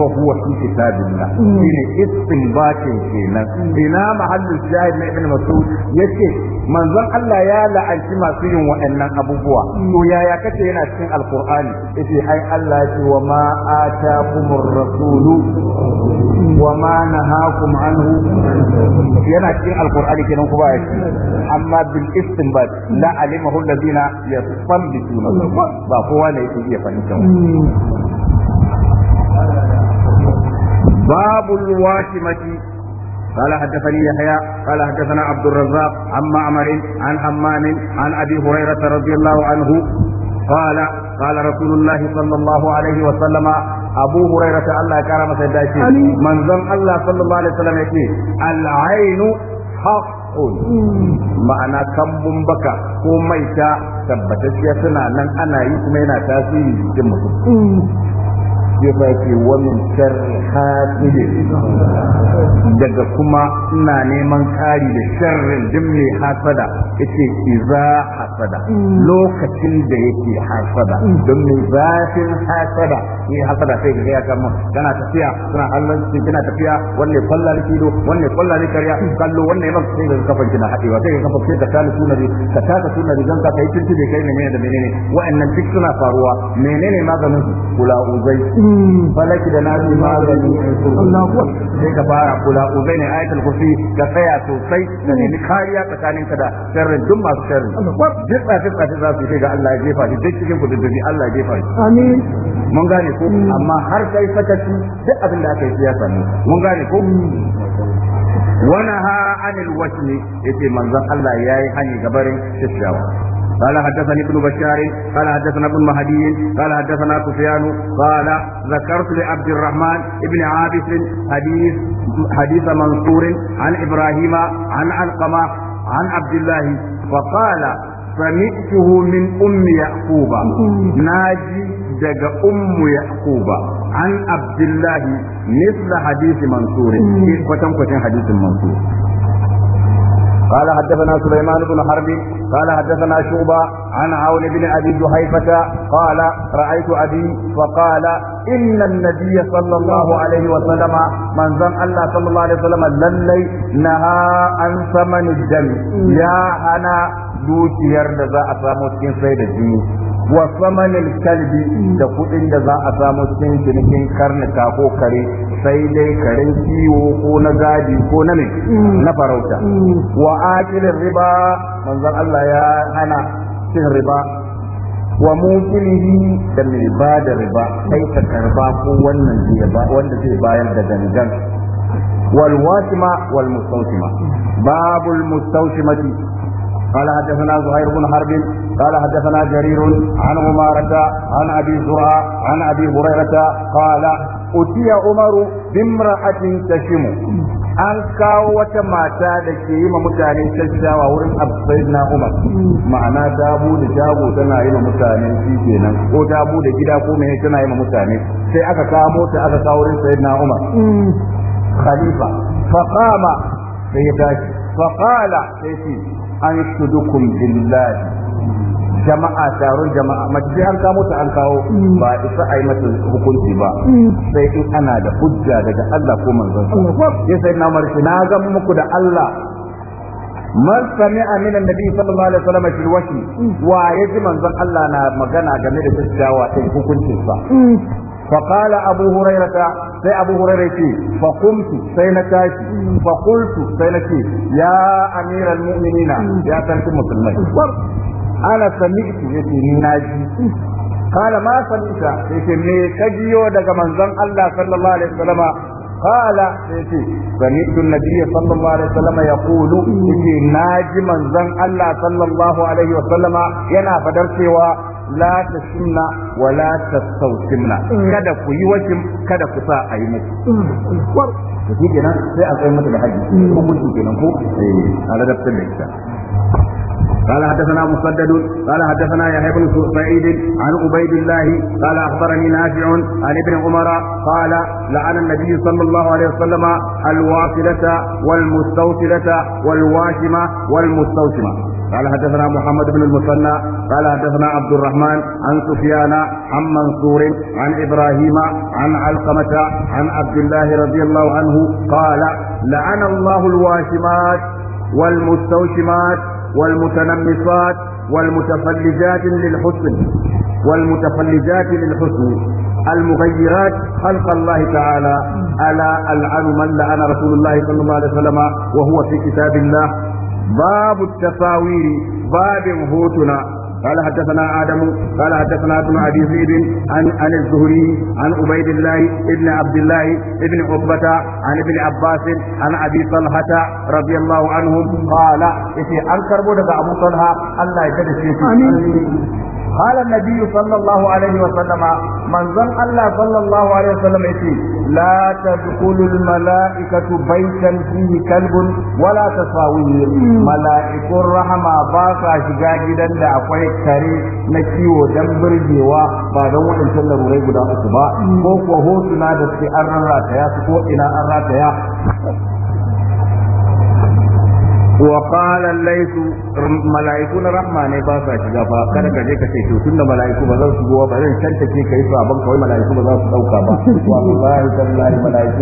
وهو في كتاب الله شيء استنباط كينا بنا محل الشاهد من ابن مسعود yace manzon Allah ya la'anci masu yin waɗannan abubuwa to yaya kace yana cikin alqur'ani yace ai Allah ya ce wa ma atakumur rasulu wa ma nahakum anhu yana cikin alqur'ani kenan ku ba ya amma bil istinbat la alimahu alladina yasfallituna ba kowa ne yake iya fahimta باب الواشمة قال حدثني يحيى قال حدثنا عبد الرزاق عن معمر عن حمام عن ابي هريره رضي الله عنه قال قال رسول الله صلى الله عليه وسلم ابو هريره الله كرم سيداتي من ذن الله صلى الله عليه وسلم يقول العين حق ma'ana kambun baka ko mai maita tabbatacciya suna nan ana yi kuma yana tasiri cikin mutum yasa yake wa min sharri hasidin daga kuma ina neman kari da sharrin duk mai hasada yace iza hasada lokacin da yake hasada don mai zafin hasada ne hasada sai ga ya kama kana tafiya suna kallon shi kana tafiya wanne kwalla ne kido wanne kwalla ne karya kallo wanne ya maka sai ga kafan kina hadewa sai ga kafan sai ka tali sunari ka taka sunari dan ka kai tuntu da kai ne da menene wa'annan duk suna faruwa menene maganin su kula uzai falaki da nasu magani sai ka fara kula uzai ne ayatul kursi ka tsaya sosai da nemi kariya tsakanin ka da sharrin duk masu sharri duk tsafi tsafi za su ga Allah ya jefa shi duk cikin kududdufi Allah ya jefa shi amin mun gane ko mm. amma har kai sakaci duk abin da aka yi siyasa ne mun gane ko mm. wanaha anil wasmi yace manzon Allah yayi hani gabarin shishawa قال حدثني ابن بشار قال حدثنا ابن مهدي قال حدثنا سفيان قال ذكرت لعبد الرحمن ابن عابس حديث حديث منصور عن ابراهيم عن علقمه عن عبد الله فقال سمعته من ام يعقوب ناجي daga ummu yaquba an abdullahi misla hadisi mansur kwatan kwatan hadisin mansur قال حدثنا سليمان بن حرب قال حدثنا شعبة عن عون بن أبي جهيفة قال رأيت أبي فقال إن النبي صلى الله عليه وسلم من زم الله صلى الله عليه وسلم للي نهى عن ثمن الدم يا أنا دوشير لذا أسامو سيد الدين wa samanin kalbi da kuɗin da za a samu cikin cinikin karnika ko kare sai dai karen kiwo ko na gadi ko na ne na farauta wa akilin riba manzon Allah ya hana cin riba wa mumkinihi da mai ba da riba kai ka karba ko wannan wanda zai bayar da gangan wal wasima wal mustawsima babul mustawsimati قال حدثنا زهير بن حرب قال حدثنا جرير عن عمارة عن أبي زرعة عن أبي هريرة قال أتي عمر بامرأة تشم an kawo wata mata da ke yi ma mutane shashawa wurin na umar ma'ana dabu da jago tana yi ma mutane shi kenan ko dabu da gida ko mene tana yi ma mutane sai aka kawo ta aka kawo wurin na umar khalifa faqama sai ya tashi faqala sai ce an shudukum billahi jama'a taron jama'a mace an kamo ta an kawo ba isa a yi mata hukunci ba sai in ana da hujja daga Allah ko manzon sa ya sai na marshi na ga muku da Allah man sami'a min annabi sallallahu alaihi wasallam fil washi wa ya ji manzon Allah na magana game da tasdawa sai hukuncin sa فقال أبو هريرة سي أبو هريرة فقمت سينكاش فقلت سينكي يا أمير المؤمنين يا تنكم مسلمين ana sami'tu ya ce ni naji kala ma sami'ta ya ce me ka jiyo daga manzan Allah sallallahu alaihi wasallam kala ya ce sami'tu nabiyyi sallallahu alaihi salama ya qulu ce ji manzan Allah sallallahu alaihi wasallam yana fadar cewa la tashimna wa la tastawtimna kada ku yi wajin kada ku sa a yi muku to kenan sai a kai da hadisi kuma mutum kenan ko eh, a ladabtar da ita قال حدثنا مسدد قال حدثنا يحيى بن سعيد عن عبيد الله قال اخبرني نافع عن ابن عمر قال لعن النبي صلى الله عليه وسلم الواصلة والمستوصلة والواشمة والمستوشمة قال حدثنا محمد بن المثنى قال حدثنا عبد الرحمن عن سفيان عن منصور عن ابراهيم عن علقمة عن عبد الله رضي الله عنه قال لعن الله الواشمات والمستوشمات والمتنمصات والمتفلجات للحسن والمتفلجات للحسن المغيرات خلق الله تعالى ألا ألعن من لعن رسول الله صلى الله عليه وسلم وهو في كتاب الله باب التصاوير باب هوتنا قال حدثنا آدم قال حدثنا ابن أبي زيد عن عن الزهري عن عبيد الله ابن عبد الله ابن عقبة عن ابن عباس عن أبي طلحة رضي الله عنهم قال إذا أنكر بودك أبو طلحة الله يجد قال النبي صلى الله عليه وسلم من ظن الله صلى الله عليه وسلم يتي لا تدخل الملائكة بيتا فيه كلب ولا تصاوير ملائك الرحمة باقى شجاجدا لأقوي كري نكيو دمبر جيوا بعد أول إن شاء الله ريب دا أكبا وهو سنادة في أرنا راتيا سكو إنا أرنا راتيا وقال الليث ملائكو na rahma ne ba shiga ba ka je ka ce to tunda malaiku ba za su shigo ba zan tantance kai sabon kawai malaiku ba za su dauka ba wallahi tallahi malaiku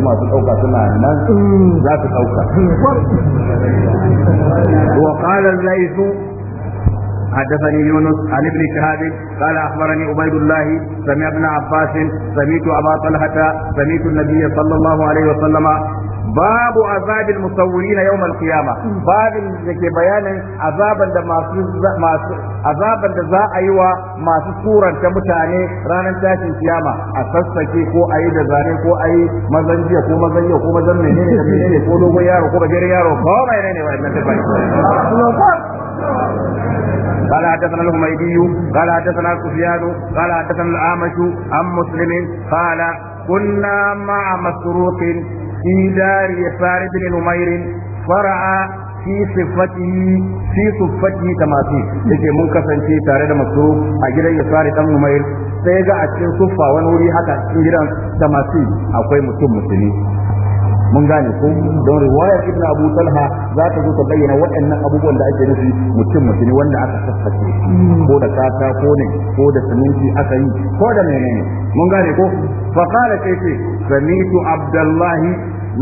suna nan za su وقال الليث حدثني يونس عن ابن شهاب قال اخبرني عبيد الله سمع ابن عباس سمعت ابا طلحه سمعت النبي صلى الله عليه وسلم babu azabil musawwirin yawm al-qiyama mm. babin da ke bayanin azaban da masu azaban da za a yi wa masu suranta mutane ranar tashin kiyama a sassake ko a yi da zane ko a yi mazan jiya ko mazan yau ko mazan menene da ne ko dogon yaro ko gajeren yaro ko mai ne ne wannan da bai قال حدثنا الحميدي قال حدثنا سفيان قال حدثنا الأعمش عن مسلم قال كنا مع مسروق في دار يسار بن نمير فرعى في صفته في صفته تماثيل yake mun kasance tare da masruq a gidan yasari dan numair sai ga a cikin suffa wani wuri haka cikin gidan tamathil akwai mutum mun gane ko don riwayar ibn abu talha za ta zo ta bayyana waɗannan abubuwan da ake nufi mutum mutum wanda aka sassace ko da kata ko ne ko da siminti aka yi ko da menene mun gane ko fa qala kayfi sami'tu abdullahi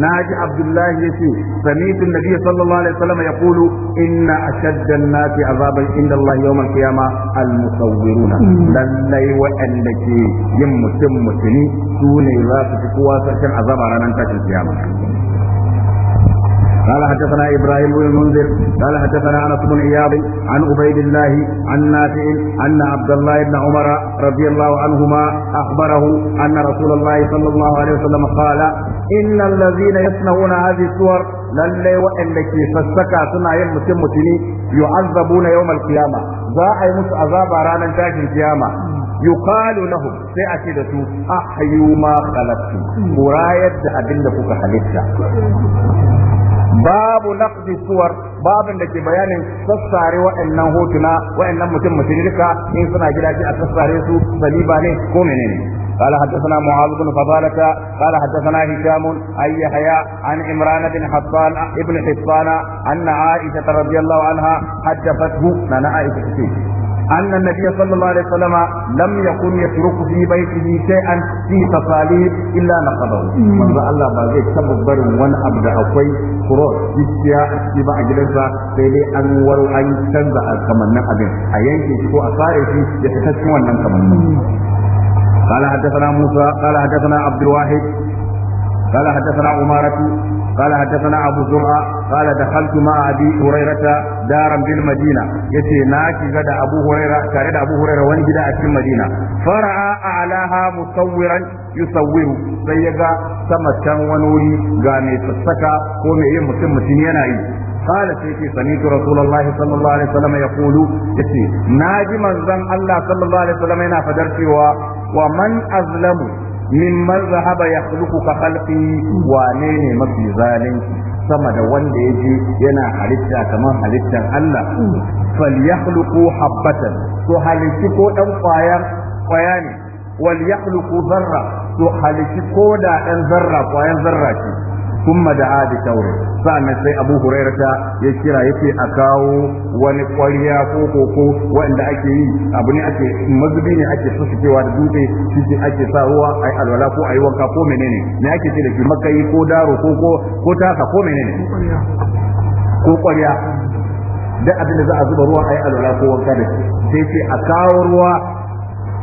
ناجي عبد الله يسي سمعت النبي صلى الله عليه وسلم يقول إن أشد الناس عذابا عند الله يوم القيامة المصورون للي وأنك يم تم سني سوني لا تتكوى سرشن عذاب على ننتج القيامة قال حدثنا ابراهيم بن المنذر قال حدثنا انس بن اياب عن عبيد الله عن نافع ان عبد الله بن عمر رضي الله عنهما اخبره ان رسول الله صلى الله عليه وسلم قال ان الذين يصنعون هذه الصور lallai waɗanda ke sassaka suna yin mutum mutumi na yawmal qiyama za a yi musu azaba ranar tashin kiyama yuqalu lahum sai a ce da su ahyu ma khalaqtu kurayar da abin da kuka halitta babu naqdi suwar babin da ke bayanin sassare waɗannan hotuna waɗannan mutum mushirika in suna gida a sassare su saliba ne ko menene قال حدثنا معاذ بن فضالة قال حدثنا هشام أي يحيى عن عمران بن حطان ابن حطان أن عائشة رضي الله عنها حدثته لنا عائشة فيه. أن النبي صلى الله عليه وسلم لم يكن يترك في بيته شيئا في تصاليب إلا نقضه من ذا الله بازي سبب بر وان أبدا أقوي كروس جيسيا إبا أجلسا سيدي أنور أن تنزع كمنا أبين أينكي شكو أصاري يتكتشو أن كمنا قال حدثنا موسى قال حدثنا عبد الواحد قال حدثنا عمارة قال حدثنا أبو زرعة قال دخلت مع أبي هريرة دارا بالمدينة يتي ناكي غدا أبو هريرة كارد أبو هريرة ونجد في المدينة فرأى أعلاها مصورا يصور سيغا سمتا ونوري غامي تسكا قومي يمسم مسنين أيه قال سيدي سمعت رسول الله صلى الله عليه وسلم يقول يتي ناجي من الله صلى الله عليه وسلم ينا فدرتي ومن أظلم man zahaba ya khluqu ka khalqi wane ne mafi zalunci sama da wanda ya je yana halitta kamar halittar Allah falyakhluqu habatan to halitti ko dan kwaya kwaya ne wal yakhluqu zarra to halitti ko da dan zarra kwayan zarra ce kuma da adi sa sa'annan sai abu hurairata ya kira yace a kawo wani ƙwarya ko koko wanda ake yi abu ne ake mazubi ne ake sussukewa da dutse shi ake sa ruwa ai alwala ko ai wanka ko menene ne ake ce da shi makai ko daro ko ko taka ko menene ko ƙwarya da abin da za a zuba ruwa a ai alwala ko wanka da shi ce a kawo ruwa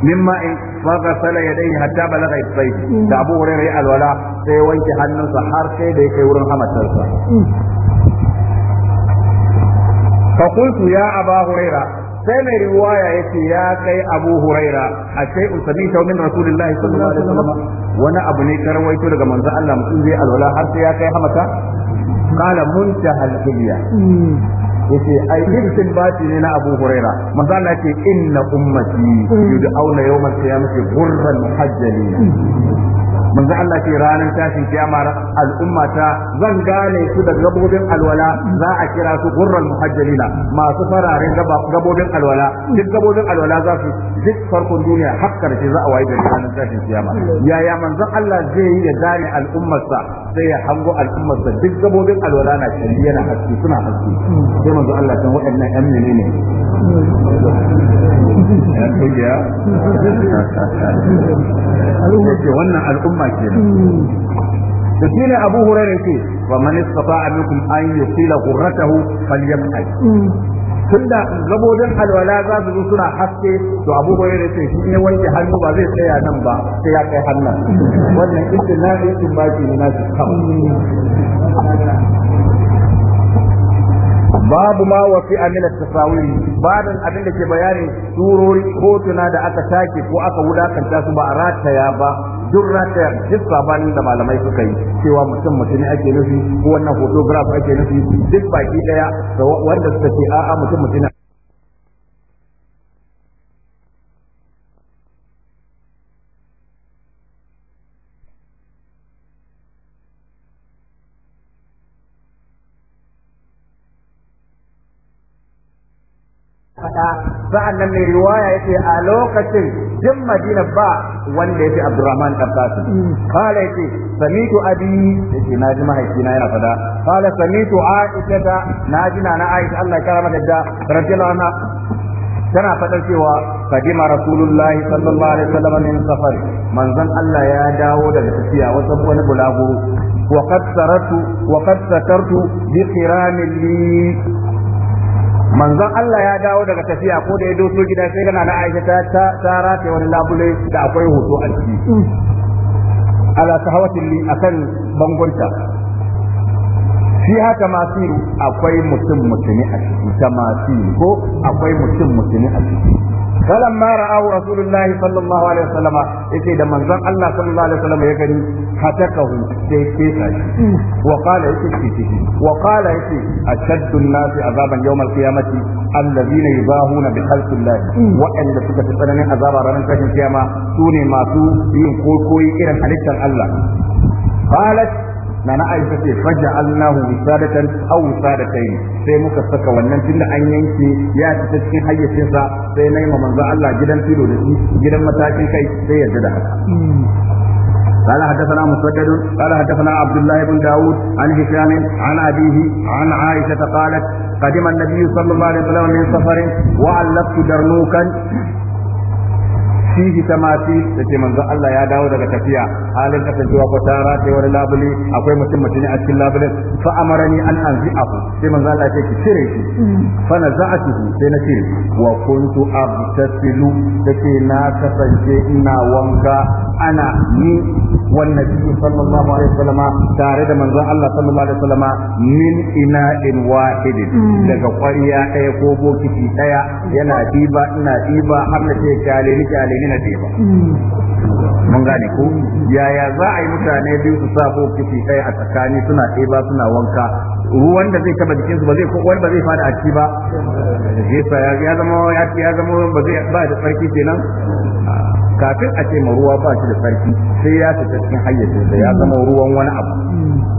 مما فغسل يديه حتى بلغ الصيف لابو هريره الولاء سي وانت حنن سحر سي دي كي ورن فقلت يا ابا هريره سنة رواية يا كي أبو هريرة الشيء الصديق من رسول الله صلى الله عليه وسلم وانا أبو نيكر ويتو لك من ذا الله مسؤول بي قال منتهى الحلية yace ai hibsin bati ne na Abu Huraira manzo Allah yace inna ummati mm. yud'auna yawmal qiyamati ghurran muhajjalin manzo Allah ce ranar tashin kiyama al'ummata zan gane su da gabobin alwala za a kira su gurran muhajjalina masu fararen gabobin alwala duk gabobin alwala za su duk farkon duniya har karshe za a wayi da ranar tashin kiyama yaya manzon Allah zai yi ya gane al'ummarsa sai ya hango al'ummarsa duk gabobin alwala na shirye yana haske suna haske sai manzo Allah san waɗannan ƴan menene [laughs] [laughs] wannan al'umma kiyama kenan to shine Abu Hurairah ce wa man istata'a minkum an yusila ghurratahu falyamhaj tunda gabodin alwala za su zo suna haske to Abu Hurairah ce shi ne wanke hannu ba zai tsaya nan ba sai ya kai hannun wannan na din baki ne na kam babu ma wa fi amina tasawiri babin abin da ke bayani surori kotuna da aka take ko aka wulakanta su ba a rataya ba duk ya duk sabanin da malamai suka yi cewa mutum mutumi ake nufi ko wannan photograph ake nufi duk baki daya wanda suka ce a'a mutum mutumi sa'an nan mai riwaya ce a lokacin jin Madina ba wanda yace Abdurrahman dan Qasim kala yace samitu abi na ji mahaifina yana fada kala samitu Aisha ta ji na na Aisha Allah ya karama da radiyallahu anha tana fadar cewa kadima rasulullahi sallallahu alaihi wasallam min safari manzon Allah ya dawo daga tafiya wata wani bulaguro وقد سرت وقد سترت لي manzon Allah ya dawo daga tafiya ko da ya doso gida sai gana na Aisha ta ta rafe wani labule da akwai hoto a ciki ala sahawatin li akan bangonta shi haka masiru akwai mutum mutumi a ciki ta masiru ko akwai mutum mutumi a ciki فلما رآه رسول الله صلى الله عليه وسلم يتي ده منزل الله صلى الله عليه وسلم يغني حتكه سيكيكا وقال يتي وقال يتي أشد الناس عذابا يوم القيامة الذين يباهون بخلق الله وأن سكة تسألني عذاب رانا كاشن كياما سوني ما سو ينقول كوي إرن حليتا الله قالت na na aisha ce faja allahu wisadatan aw wisadatain sai muka saka wannan tunda an yanke ya ci cikin hayyacin sa sai na ma manzo Allah gidan filo da shi gidan matakin kai sai yarda da haka قال حدثنا مسدد قال حدثنا عبد الله بن داود عن هشام عن أبيه عن عائشة قالت قدم النبي صلى الله عليه وسلم من سفر وعلقت درنوكا fihi tamati yace manzo Allah ya dawo daga tafiya halin kasancewa ko tara sai wani labule akwai mutum mutune a cikin labulin fa amarani an anzi'ahu sai manzo Allah ya ce cire shi fa naza'atuhu sai na cire wa kuntu abtasilu take na kasance ina wanka ana ni wannan sallallahu alaihi wasallama tare da manzo Allah sallallahu alaihi wasallama min ina in wahidin daga kwariya ɗaya ko bokiti ɗaya yana diba ina diba har na ce kyale ni kyale na ɗaya ba hmm. mun gane ko yaya za a yi mutane biyu su sa kifi kai a tsakani suna ɗeba suna wanka ruwan da zai taba jikin su ba zai wani ba zai fada a ciki ba ya zama ya zama ba zai ba da tsarki kenan kafin a ce ma ruwa ba shi da tsarki sai ya fita cikin hayyacin ya zama ruwan wani abu hmm.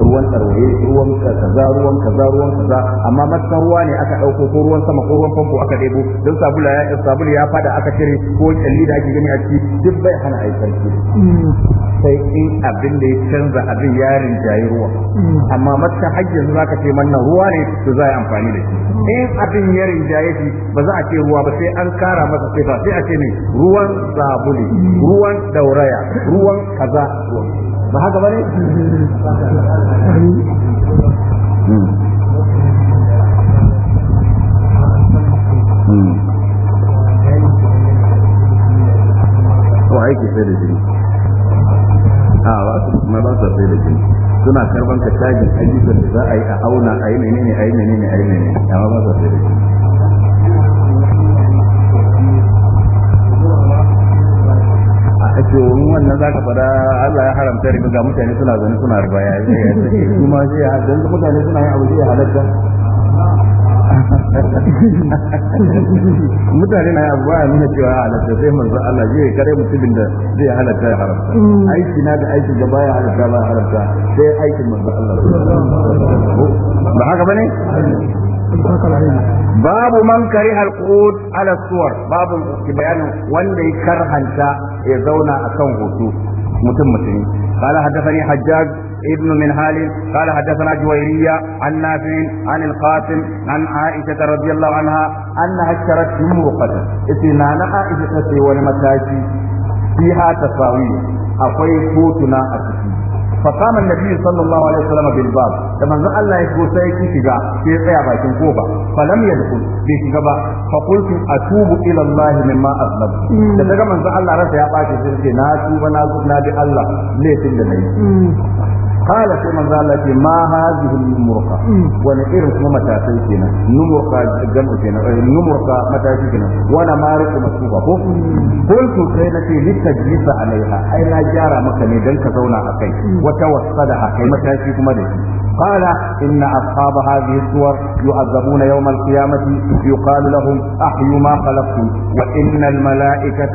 ruwan tarwaye ruwan kaza ruwan kaza ruwan kaza amma matsan ruwa ne aka dauko ko ruwan sama ko ruwan famfo aka debo don sabula ya sabulu ya fada aka cire ko kalli da ake gani a ciki duk bai hana ai sarki sai in abin da ya canza abin ya rinjayi ruwa amma matsan har yanzu zaka ce manna ruwa ne to za a yi amfani da shi in abin ya rinjaye shi ba za a ce ruwa ba sai an kara masa sai ba sai a ce ne ruwan sabulu ruwan dauraya ruwan kaza ruwan ba haka bane ko hmm. oh, aiki sai da jini a ah, ba su kuma ba su sai da jini suna karban ka cajin ayyukan da za a yi a auna a yi menene a yi menene a yi menene amma ba su sai da jini to wannan zaka fada Allah ya haramta riba ga mutane suna suna riba ya mutane suna abu halatta [laughs] mutane na abu ba nuna cewa ya halatta sai manzo Allah zai kare mutumin da zai halatta ya haramta aiki na da aiki halatta ba haramta sai aikin manzo Allah ba haka bane babu man kari alqut ala suwar babu bayanin wanda ya karhanta ya zauna akan hutu mutum mutumi قال حدثني حجاج ابن من هال قال حدثنا جويرية عن نافع عن القاسم عن عائشة رضي الله عنها أنها اشترت جمرقة إثنان عائشة ولمتاجي فيها تساوية أقوي فوتنا أتسي fa qama an-nabi sallallahu alaihi wasallam bil bab da manzo Allah ya shigo sai ki shiga sai tsaya bakin koba, fa lam yadkhul bai shiga ba fa a atubu ilallahi mm. Allah mimma aznab da daga manzo Allah rasa ya bace sai ce na tuba na na bi Allah laifin da nayi mm. قال في مزالة ما هذه النمرقة وانا ارم كما متاسيكنا نمرقة جمعتنا نمرقة متاسيكنا وانا مارك مكتوبة قلت سيدتي للتجليس عليها اين جار جارة مكني دنك زونا حقي وتوصدها كي متاسيك قال ان اصحاب هذه الصور يعذبون يوم القيامة يقال لهم احيوا ما خلقتم وان الملائكة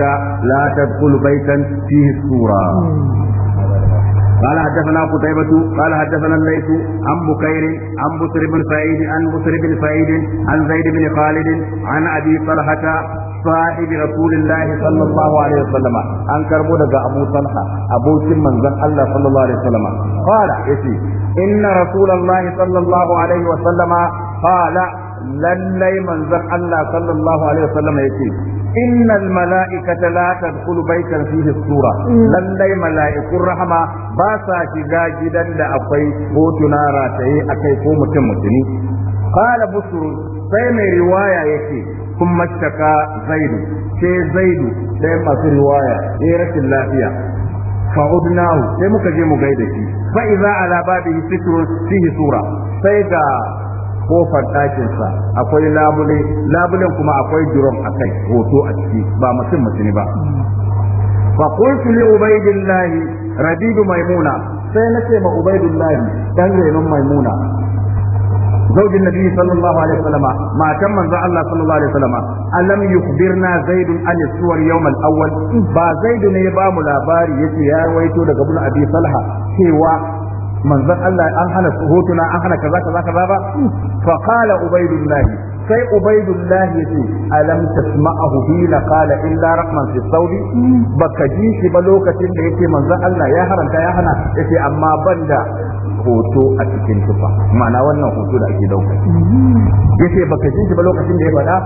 لا تدخل بيتا فيه الصورة قال حدثنا قتيبة قال حدثنا الليث عن بكير عن بصر بن سعيد عن بصر بن سعيد عن زيد بن خالد عن أبي طلحة صاحب رسول الله صلى الله عليه وسلم أن كربو أبو طلحة أبو من زن الله صلى الله عليه وسلم قال إيه إن رسول الله صلى الله عليه وسلم قال lallai manzon Allah sallallahu alaihi wasallam yake innal mala'ikata la tadkhulu baytan fihi sura lallai mala'ikun rahma ba sa shiga gidan da akwai hotuna rataye akai ko mutum mutumi qala busr sai mai riwaya yake kuma shaka zaidu sai zaidu sai masu riwaya ya eh, rashin lafiya fa'udnahu sai muka je mu gaida shi fa idza ala babihi sitrun fihi sura sai ga kofar ɗakinsa akwai labule labulen kuma akwai durom a kai hoto a ciki ba mutum mutumi ba fa qultu li ubaydillah radid maimuna sai na ce ma ubaydillah dan renon maimuna zaujin nabi sallallahu alaihi wasallam matan manzo Allah sallallahu alaihi wasallam alam yukhbirna zaid an suwar yawm al-awwal ba zaid ne ya ba mu labari yace ya waito daga ibn abi salha cewa manzon Allah an hana hotuna an hana kaza kaza kaza ba fa qala ubaydullah sai ubaydullah yace alam tasma'ahu hina qala illa rahman fi saudi baka ji shi ba lokacin da yake manzon Allah ya haramta ya hana yace amma banda hoto a cikin tufa ma'ana wannan hoto da ake dauka yace baka ji shi ba lokacin da ya faɗa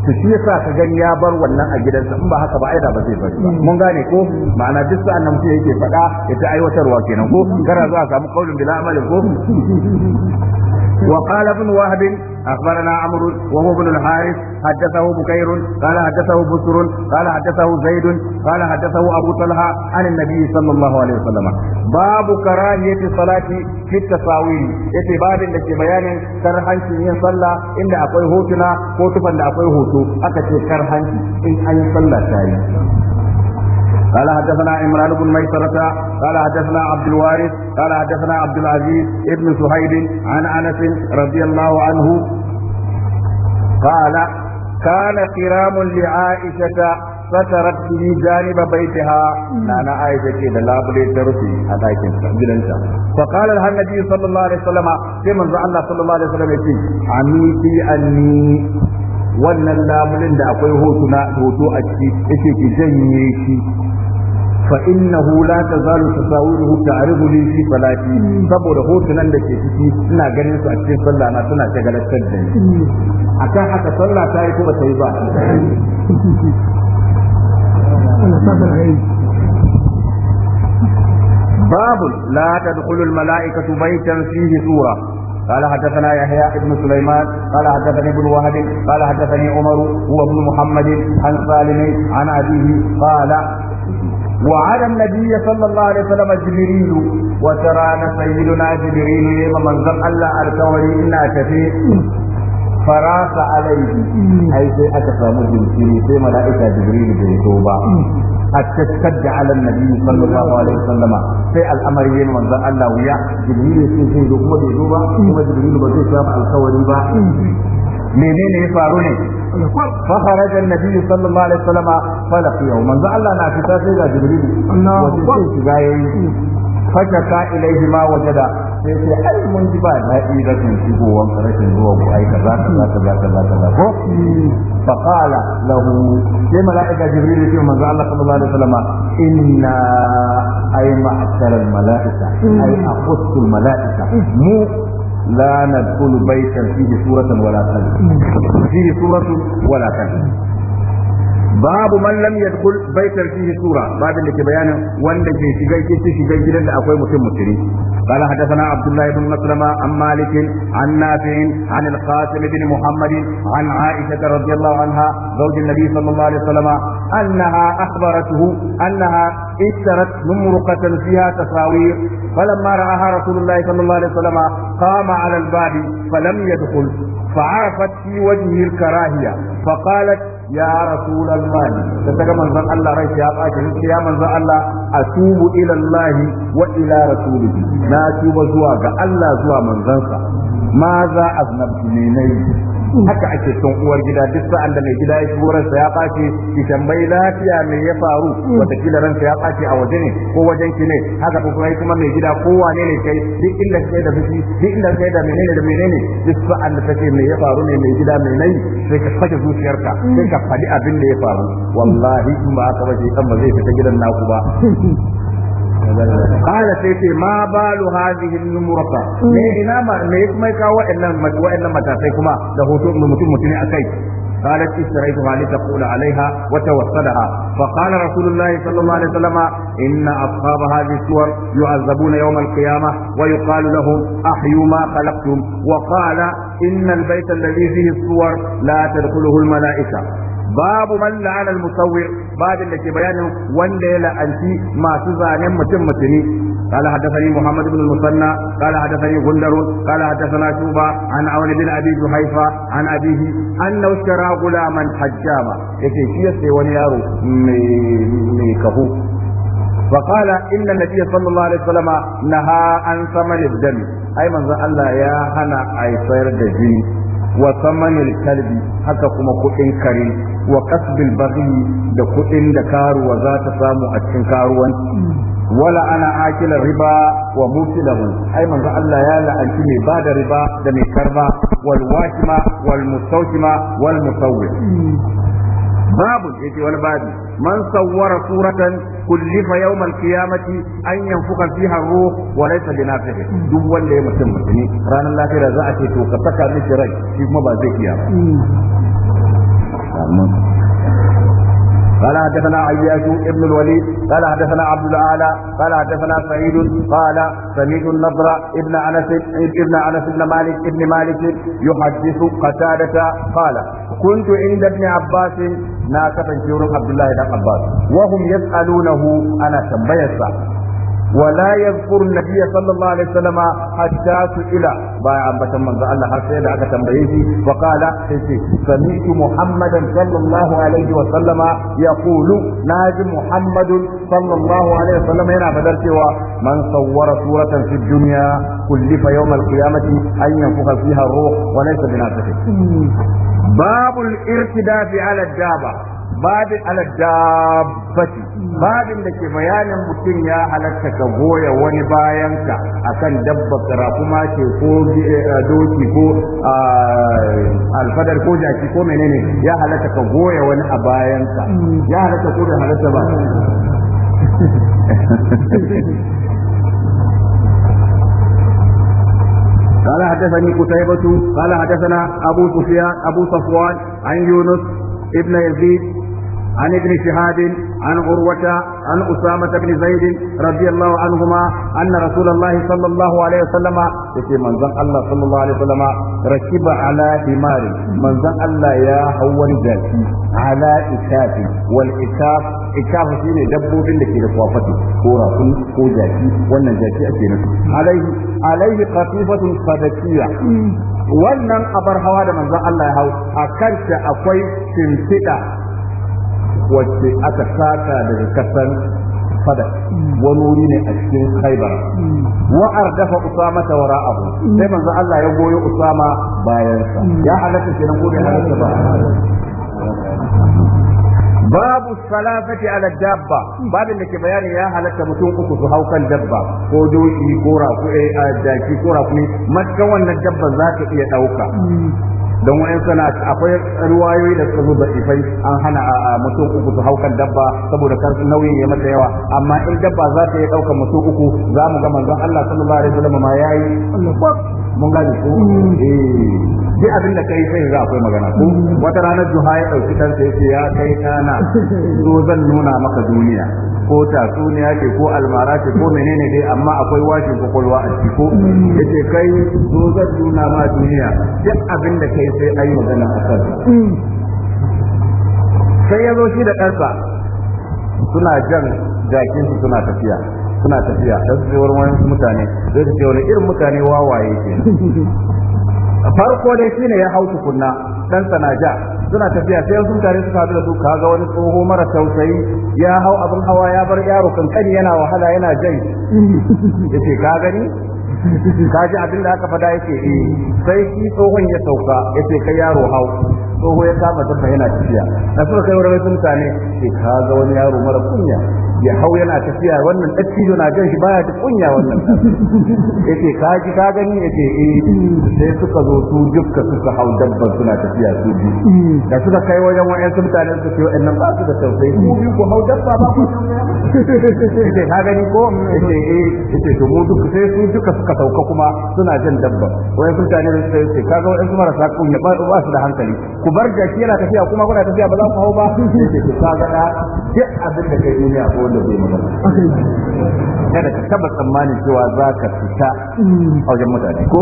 to shi yasa ka gani ya bar wannan a gidansa in ba haka ba aida ba zai bari ba mun gane ko ma'ana duk sa'an nan mutum yake faɗa ita aiwatarwa kenan ko kana zuwa samu kaulin bila amalin ko وقال ابن وهب اخبرنا عمرو وهو ابن الحارث حدثه بكير قال حدثه بسر قال حدثه زيد قال حدثه ابو طلحه عن النبي صلى الله عليه وسلم باب كراهيه الصلاه في التساوي يتي باب da ke bayanin karhancin yin sallah inda akwai hotuna ko tufan da akwai hoto aka ce karhanci in an yi sallah ta yi قال حدثنا عمران بن ميسرة قال حدثنا عبد الوارث قال حدثنا عبد العزيز ابن سهيد عن أنس رضي الله عنه قال كان قرام لعائشة satarat bi janiba baitiha nana aisha ce da labule ta rufe a dakin gidanta fa qala annabi sallallahu alaihi wasallam sai manzo Allah sallallahu alaihi wasallam yace amiti wannan labulin da akwai hoto na hoto a ciki yake ki janye shi fa innahu la tazalu tasawiruhu ta'rifu li fi salati saboda hotunan da ke ciki ina ganin su a cikin sallah na suna tagalatar da ni akan haka sallah ta yi ko ba ta yi ba باب لا تدخل الملائكة بيتا فيه سورة قال حدثنا يحيى بن سليمان قال حدثني ابن وهب قال حدثني عمر هو ابن محمد عن سالم عن أبيه قال وعلى النبي صلى الله عليه وسلم جبريل وترانا سيدنا جبريل من زم الله الكوري إنا كثير farasa alaihi ai sai aka samu jinkiri sai mala'ika jibril bai zo ba hatta tadda ala annabi sallallahu alaihi wasallama sai al'amari yayin Allah wuya jibril sai zai zo kuma bai zo ba kuma jibril ba zai samu alkawari ba menene ya faru ne fa kharaja annabi sallallahu alaihi wasallama falaqiya manzo Allah na fita sai ga jibril Allahu akbar shiga yayi fashaka ilaihi ma wajada sai ce ai mun ji ba daɗi da kun shigowar rashin ruwan ku ai kaza kaza kaza kaza kaza ko fa qala lahu sai malaika jibril ya ce manzo Allah sallallahu alaihi wasallam inna ay ma'sar al malaika ay aqustu al malaika mu لا ندخل بيتا فيه سورة ولا كلمة فيه سورة ولا كلمة babu man lam yadkhul baitar fihi sura babin da ke bayanin wanda ke shiga ke shiga gidan da akwai mutum mutune قال حدثنا عبد الله بن مسلمة عن مالك عن نافع عن القاسم بن محمد عن عائشة رضي الله عنها زوج النبي صلى الله عليه وسلم أنها أخبرته أنها اشترت نمرقة فيها تصاوير فلما رآها رسول الله صلى الله عليه وسلم قام على الباب فلم يدخل فعرفت في وجهه الكراهية فقالت يا رسول الله تتكلم من الله رأيك يا من الله atubu ila Allah wa ila rasulihi na tuba zuwa ga Allah zuwa manzansa ma za aznabtu ne haka ake son uwar gida duk sa'an da mai gida ya shigo ransa ya ɓaci ki tambayi lafiya me ya faru wataƙila ransa ya ɓaci a waje ne ko wajen ki ne haka ko kuma kuma mai gida ko wane ne kai duk inda kai da fushi duk inda kai da menene da menene duk sa'an da take me ya faru ne mai gida mai nayi sai ka sake zuciyarka sai ka faɗi abin da ya faru wallahi in ba ka ba kan ba zai fita gidan naku ba ciki kala ما بال هذه balu hadhihi ما me ina ma me kuma ka wa'annan wa'annan matasai kuma da من mutum mutune أكيد قالت اشتريتها لتقول عليها وتوصلها فقال رسول الله صلى الله عليه وسلم إن أصحاب هذه السور يعذبون يوم القيامة ويقال لهم أحيوا ما خلقتم وقال إن البيت الذي فيه الصور لا تدخله الملائكة babu man la'ana al-musawwir babin da ke bayanin wanda ya la'anci masu zanen mutum mutumi قال حدثني محمد بن المثنى قال حدثني غندر قال حدثنا شوبة عن عون بن أبي جحيفة عن أبيه أنه اشترى غلاما حجاما يكي شيء ونيارو ميكهو فقال إن النبي صلى الله عليه وسلم نهى عن ثمن الدم أي من الله يا هنا sayar da jini. wa samanil kalbi haka kuma kuɗin kare wa kasbil baghi da kuɗin da karuwa za ta samu a cikin karuwanci wala ana akila riba wa mutilahu ai manzo Allah ya la'anci mai bada riba da mai karba wal washima wal mustawshima wal musawwi babu yace wal babu من صور صورة كلف يوم القيامة أن ينفخ فيها الروح وليس بنافخ دو ولا يمتم مسلمي ران الله كده زعتي تو كتكا مشي ري شوف ما بازيك يا قال حدثنا عياش بن الوليد قال حدثنا عبد الاعلى قال حدثنا سعيد قال سمعت النضر ابن انس ابن انس بن مالك ابن مالك يحدث قتادة قال كنت عند ابن عباس ناقة شور عبد الله بن عباس وهم يسألونه أنا تنبيسا ولا يذكر النبي صلى الله عليه وسلم حتى سئل باي عم بشم من الله har sai da aka tambaye shi fa qala sai sami'tu muhammadan sallallahu alaihi wa sallama yaqulu naji Muhammadu sallallahu alaihi wa sallama yana fadar cewa man sawwara suratan fi dunya kullifa yawm al-qiyamati an yanfuha fiha babul irtidafi ala babin ala dabbati babin da ke bayanin mutum ya halatta ka goya wani bayanka akan dabba kira kuma ce ko eh, doki ko ah, alfadar ko jaki ko menene ya halatta ka goya wani a bayanka ya halatta ko da halatta ba [laughs] قال حدثني قتيبة قال حدثنا أبو سفيان أبو صفوان عن يونس ابن يزيد عن ابن شهاب عن عروة عن أسامة بن زيد رضي الله عنهما أن رسول الله صلى الله عليه وسلم في من زن الله صلى الله عليه وسلم ركب على حمار من زن الله يا هو رجال على إكاف والإكاف إكاف شيء دبو بالك لقوافته كورا كو جاكي وانا جاكي أكينك عليه عليه قطيفة صدقية wannan abar hawa da manzon Allah ya hau a kanta akwai shimfiɗa wacce aka saka daga kasan fada wani wuri ne a cikin khaibar wa'ar dafa usama ta wara abu sai manzo Allah ya goyo usama bayansa ya halatta kenan ko bai halatta ba babu salafati ala dabba babin da ke bayani ya halatta mutum uku su hau kan dabba ko doki ko raku a daki ko raku matkan wannan dabba za ka iya ɗauka don wani sana akwai ruwayoyi da suka zo da ifai an hana a mutum uku su haukan dabba saboda kan nauyin ya mata yawa amma in dabba za ta yi ɗaukar mutum uku za mu ga manzon Allah sallallahu alaihi wasallam ma yayi mun gane ko mm. eh abin da kai sai za akwai magana ko mm. wata ranar juha ya dauki ɗan sai ce ya kai kana [laughs] zo zan nuna maka duniya ko tatsuniya ce ko almara ce ko menene dai amma akwai washin kwakwalwa a ciki ko mm. yace kai zo zan nuna ma duniya duk abin da kai sai ayi magana a kan sai ya zo shi da ɗansa suna jan jakin su suna tafiya suna tafiya da su wani wani mutane zai ta ce wani irin mutane wawaye ke farko dai shine ya hau tukunna dan sanaja suna tafiya sai sun tare su faɗi da su kaga wani tsoho mara tausayi ya hau abin hawa ya bar yaro kankani yana wahala yana jai Ya ce ka gani ka ji abin da aka fada yake yi eh. sai shi tsohon ya sauka ya ce kai yaro hau tsoho ya kama ta yana tafiya da suka kai wurin sun mutane eh, ke ga wani yaro mara kunya ya hau yana tafiya wannan dattijo na gan shi baya ta kunya wannan yace ka ji ka gani yace eh sai suka zo su dukka suka hau dabba suna tafiya su biyu da suka kai wajen wayan sun mutane suka ce nan ba su da tausayi mu biyu ku hau dabba ba ku yace ka gani ko yace eh yace to mu duk sai su duka suka sauka kuma suna jan dabba wayan sun mutane sai ce ga wayan su marasa kunya ba su da hankali ku bar da yana tafiya kuma kuna tafiya ba za ku hau ba sai ku kaga duk abin da kai duniya ko wanda bai magana kada ka taba tsammanin cewa za ka fita a wajen mutane ko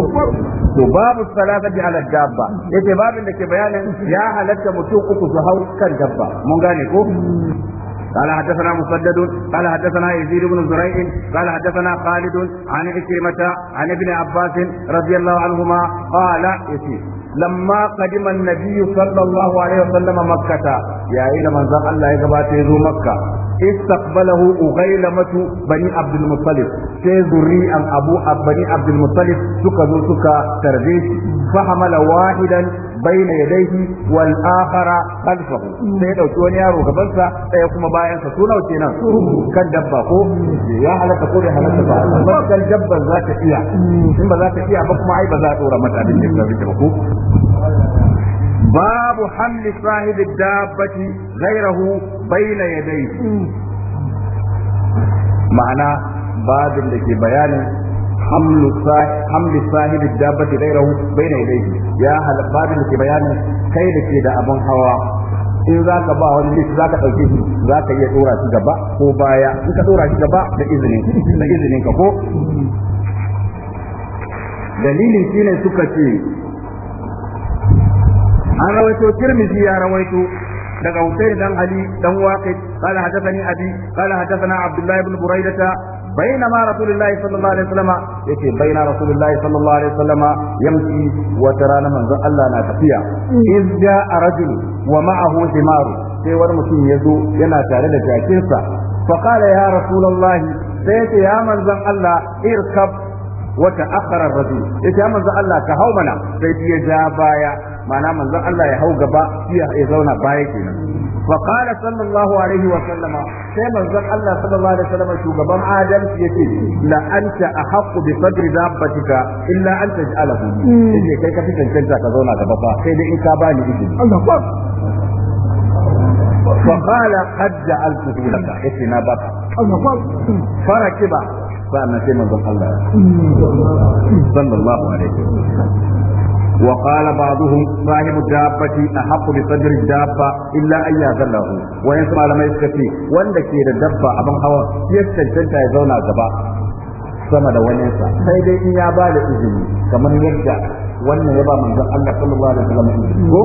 to babu salatati ala dabba yace babin da ke bayanin ya halatta mutum uku su hau kan dabba mun gane ko قال حدثنا مسدد قال حدثنا يزيد بن زريع قال حدثنا خالد عن عكرمة عن ابن عباس رضي الله عنهما قال يسير lamma qadima nabiyyu nabiy sallallahu alaihi wasallam makkata yayin da manzon Allah ya gabata ya zo makka استقبله أغيلمة بني عبد المطلب sai zuri'an abu bani abdul muttalib suka zo suka tarbe shi fa wahidan bayna yadayhi wal akhara khalfahu sai dauki wani yaro gaban sa sai kuma bayan sa sunawa kenan kan dabba ko ya halaka ko ya halaka ba amma kan dabba za ta iya in ba za ta iya ba kuma ai ba za a dora mata abin da ba ko babu hamli sahibi dabbati ghairahu bayna yadayhi ma'ana babin da ke bayanin hamlu hamlu sahib dabbati ghayrahu bayna yadayhi ya hal bayanin kai da ke da abin hawa in za ka ba wani list za ka ɗauke za ka iya ɗora shi gaba ko baya in ka ɗora gaba da izinin ka ko dalilin shine suka ce an rawaito tirmizi ya rawaito daga Hussein dan Ali dan Waqid qala hadathani abi qala hadathana Abdullah ibn Buraidata بينما رسول الله صلى الله عليه وسلم يتي بين رسول الله صلى الله عليه وسلم يمشي وترانا من الله لا تفيا إذ جاء رجل ومعه ثمار sai wani mutum ya zo yana tare da jakinsa فقال يا رسول الله سيتي يا من الله اركب وتأخر الرجل يتي يا من الله كهومنا سيتي يا بايا ma'ana manzon Allah ya hau gaba ya zauna baya kenan wa sallallahu alaihi wa sallama sai manzon Allah sallallahu alaihi wa sallama shugaban adam yace la anta ahqqu bi sadri dabbatika illa an taj'alahu hmm. kai ka fi cancanta ka zauna gaba ba sai in ka bani izini hmm. Allah فقال قد جعلته لك اتنا بطا فركب فأنا سيما الله صلى الله عليه وسلم وقال بعضهم صاحب الدابة أحق بصدر الدابة إلا أن يذله ويسمع لما يسكتي وأن كيد الدابة أبن هوا يستجد يزون عزبا sama da wani sa sai dai in ya ba da izini kamar yadda wannan ya ba manzon Allah sallallahu alaihi wasallam ko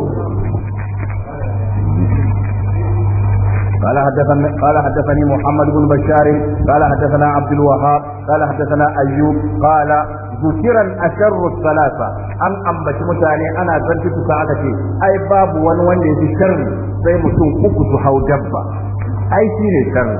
قال حدثنا قال حدثني محمد بن بشار قال حدثنا عبد الوهاب قال حدثنا ايوب قال zukiran asharru salasa an ambaci mutane ana zanti tuka aka ce ai babu wani wanda ya fi sharri sai mutum uku su hau dabba ai shi ne sharri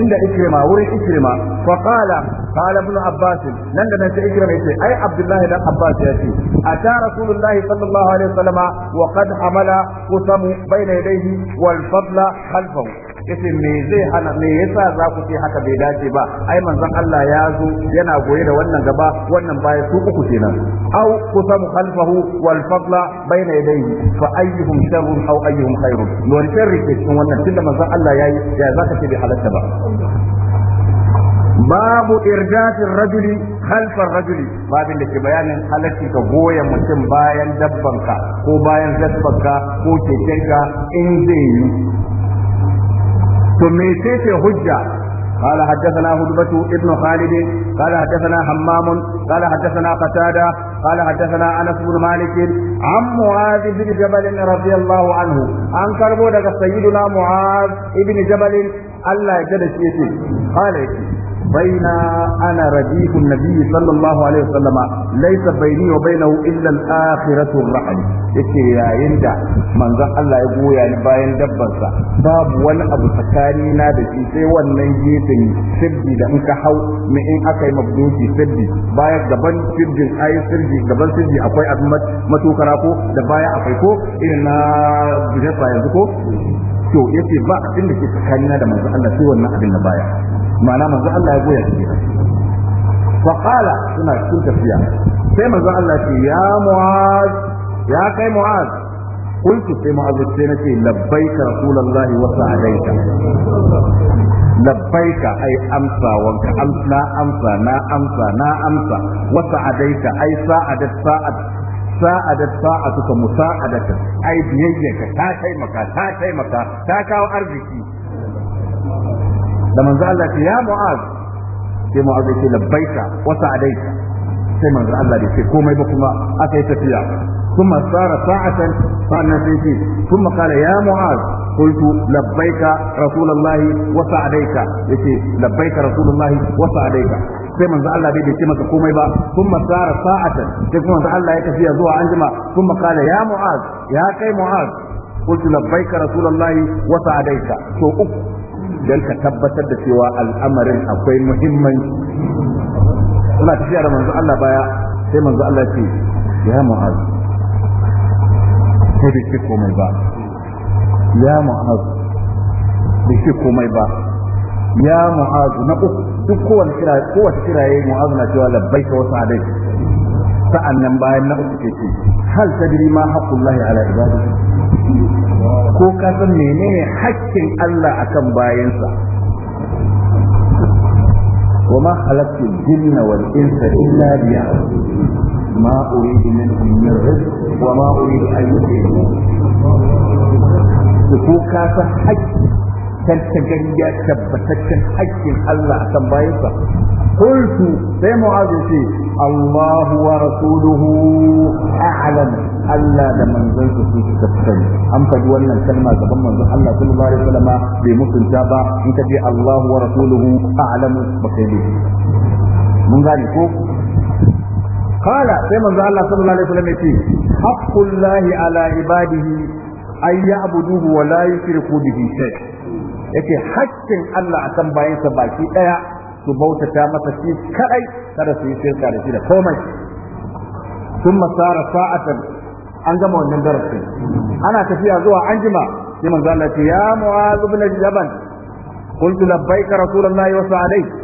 inda ikrima wurin ikrima fa qala qala ibn abbas nan da nan sai ikrima yace ai abdullahi dan abbas yace ata rasulullahi sallallahu alaihi wasallam wa qad hamala qusamu bayna yadayhi wal fadla khalfahu yace me zai hana me yasa za ku ce haka bai dace ba ai manzon Allah ya zo yana goye da wannan gaba wannan baya su uku kenan aw kusamu khalfahu wal fadla baina yadayhi fa ayyuhum sharrun aw ayyuhum khairun don sharri ke cikin wannan tunda manzon Allah yayi ya zaka ce bai halatta ba babu irjatin rajuli khalfar rajuli babin da ke bayanin halarci ka goya mutum bayan dabbanka ko bayan zabbanka ko kekenka in zai ثم يتيت حجة قال حدثنا هدبة ابن خالد قال حدثنا حمام قال حدثنا قتادة قال حدثنا أنس بن مالك عن معاذ بن جبل رضي الله عنه عن كربو سيدنا معاذ بن جبل الله يجد قال baina ana radifu nabi sallallahu alaihi wasallam laysa baini wa bainahu illa al-akhiratu rahm yace yayin da manzon Allah ya goya ni bayan dabbarsa babu wani abu tsakani na da shi sai wannan gefen sirri da in ka hau me in aka yi mabdoki sirri baya gaban sirrin ayi sirri gaban sirri akwai abin matukara ko da baya akwai ko irin na bujefa yanzu ko to yace ba abin da ke tsakanina da manzon Allah sai wannan abin da baya ma'ana manzo Allah ya goya shi fa qala suna cikin tafiya sai manzo Allah ce ya mu'az ya kai mu'az kuntu sai mu'az sai nace labbaika rasulullahi wa sa'alaika labbaika ai amsa wanka amsa amsa na amsa na amsa wa sa'adaita ai sa'adat sa'at sa'adat sa'atuka musa'adatan ai biyayyaka ta taimaka ta taimaka ta kawo arziki da manzo Allah ce ya mu'az sai mu'az ya ce labbaika wa sa'adaika sai manzo Allah ya ce komai ba kuma aka yi tafiya ثم صار ساعة sai ce ثم قال ya معاذ قلت لبيك رسول الله وسعديك يتي لبيك رسول الله وسعديك sai manzo Allah bai bai ce masa komai ba kuma sara sa'atan sai kuma manzo Allah ya tafiya zuwa anjima kuma kala ya mu'az ya kai mu'az qultu labbaika rasulullahi wa sa'adaika to uku don ka tabbatar da cewa al'amarin akwai muhimmanci suna tafiya da manzo Allah baya sai manzo Allah ce ya mu'az ko bai ce komai ba ya mu'az bai ce komai ba ya mu'az na uku duk kowace kira kowace kira yayin mu'az na cewa labbaika wa sa'adai sa'annan bayan na uku ke ce hal tadri ma haqqullahi ala ibadihi ko ka san menene haƙƙin Allah akan bayansa وما خلقت الجن والإنس إلا ليعبدون ما أريد منهم من رزق وما أريد أن يطعمون ko ka san haƙƙi tantagariya tabbataccen haƙƙin Allah a akan bayansa qultu sai mu'az ce Allahu wa rasuluhu a'lam Allah da manzon su su tafsiri an faɗi wannan kalma gaban manzon Allah sun bari salama, bai mutunta ba in ka ce Allahu wa rasuluhu a'lam ba kai ne mun gane ko قال سيما الله صلى الله عليه وسلم يقول حق الله على عباده أن يعبدوه ولا يشركوا به شيئا Yake haƙƙin Allah akan bayansa baki ɗaya su bautata masa shi kadai kada su yi shirka da shi da komai sun masara sa'atan an gama wannan darasin ana tafiya zuwa anjima sai manzo Allah ya ce ya mu'az ibn jabal qultu labbaika rasulullahi wa sa'alayka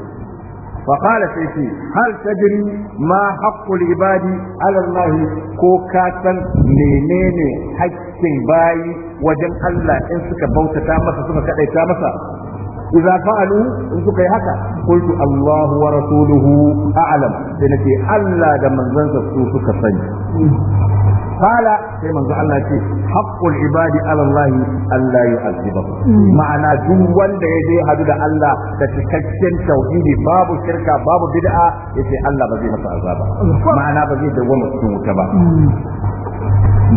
فقال سيتي هل تدري ما حق العباد على الله كوكاتا منيني حق باي وجن الله إن سك بوتا تامسا سك كأي تامسا إذا فعلوا إن سك هكا قلت الله ورسوله أعلم سنتي ألا دمن زنسا سك سنجي qala sai manzo Allah ce haqqul ibadi ala Allah Allah yu'azibahu ma'ana duk wanda ya je hadu da Allah da cikakken tauhidi babu shirka babu bid'a yace Allah ba zai masa azaba ma'ana ba zai dawo mutum wuta ba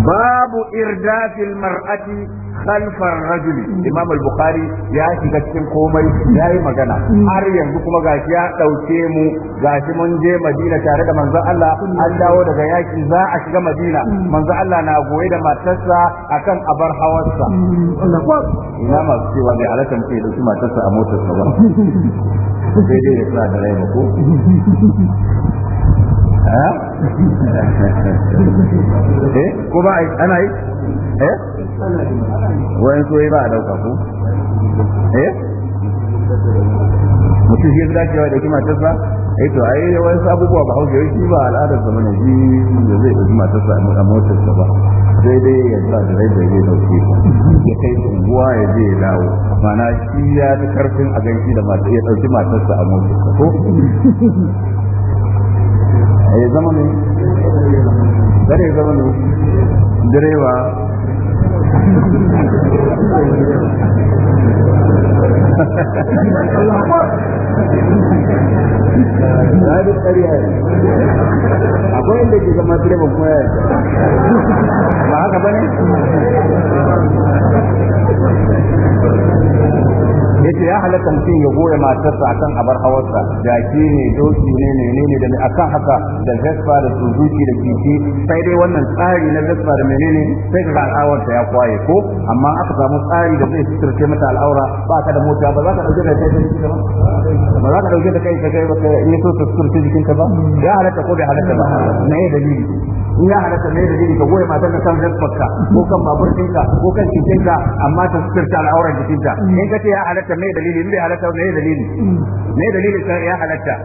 babu irdafil mar'ati khalfar rajul imam al-bukhari ya shiga cikin komai ya yi magana har yanzu kuma gashi ya dauke mu gashi mun je madina tare da manzon Allah an dawo daga yaki za a shiga madina manzon Allah na goye da matarsa akan abar hawarsa ina masu cewa mai halatta mutum ya dauki matarsa a motarsa ba sai dai ya sa da rai ko eh ko ba ana yi eh wayan soyi ba a dauka ko eh mutum shi ya dacewa da kima tasba eh to ai wani abubuwa ba hausa shi ba al'adar zaman shi da zai dauki matarsa a motarsa ba sai dai ya sa da rai da zai dauke ya kai unguwa ya je ya dawo mana shi ya fi karfin a ganki da mata ya dauki matarsa a motarsa ko ya zama ne dare ya zama ne direba na yi ne akwai inda ke zama ba haka ba ne yace ya halatta mutum ya goya matarsa akan abar hawarsa jaki ne doki ne menene da a kan haka da vespa da suzuki da kiki sai dai wannan tsari na vespa da menene sai ka al'awarta ya kwaye ko amma aka samu tsari da zai fitirce mata al'aura ba ka da mota ba za ka dauke da kai ba za ka dauke da kai kai ba kai ne so ka fitirce jikinka ba ya halatta ko bai halatta ba na me dalili in ya halatta me dalili ka goya matarka kan vespa ka ko kan babur ɗinka ko kan cikinka amma ta fitirce al'aurar jikinta in ka ce ya halatta me dalili in bai halatta me dalili me dalili sai ya halatta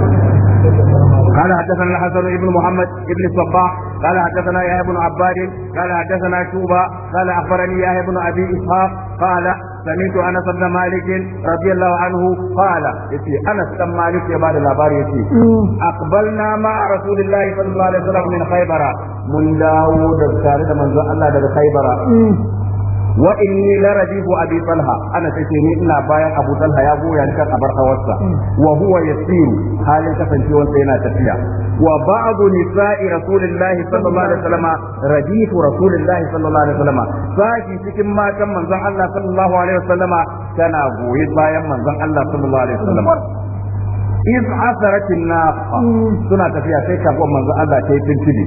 eh قال حدثنا الحسن بن محمد بن الصباح قال حدثنا يحيى بن عباد قال حدثنا شوبة قال أخبرني يحيى بن أبي إسحاق قال سمعت انس بن مالك رضي الله عنه قال يتي انس بن مالك يا بعد الابار يتي اقبلنا مع رسول الله صلى الله عليه وسلم من خيبر من داوود تارد من الله daga خيبر wa inni la rajihu abi talha ana sai ni ina bayan abu talha ya goya ni kan abar hawarsa wa huwa yasiru halin kasancewar sai yana tafiya wa ba'd nisa'i rasulillahi sallallahu alaihi wasallam rajifu rasulillahi sallallahu alaihi wasallam saki cikin matan manzon Allah sallallahu alaihi wasallam tana goyi bayan manzon Allah sallallahu alaihi wasallam iz asaratin nafa suna tafiya sai kafuwar manzo Allah ta yi tintini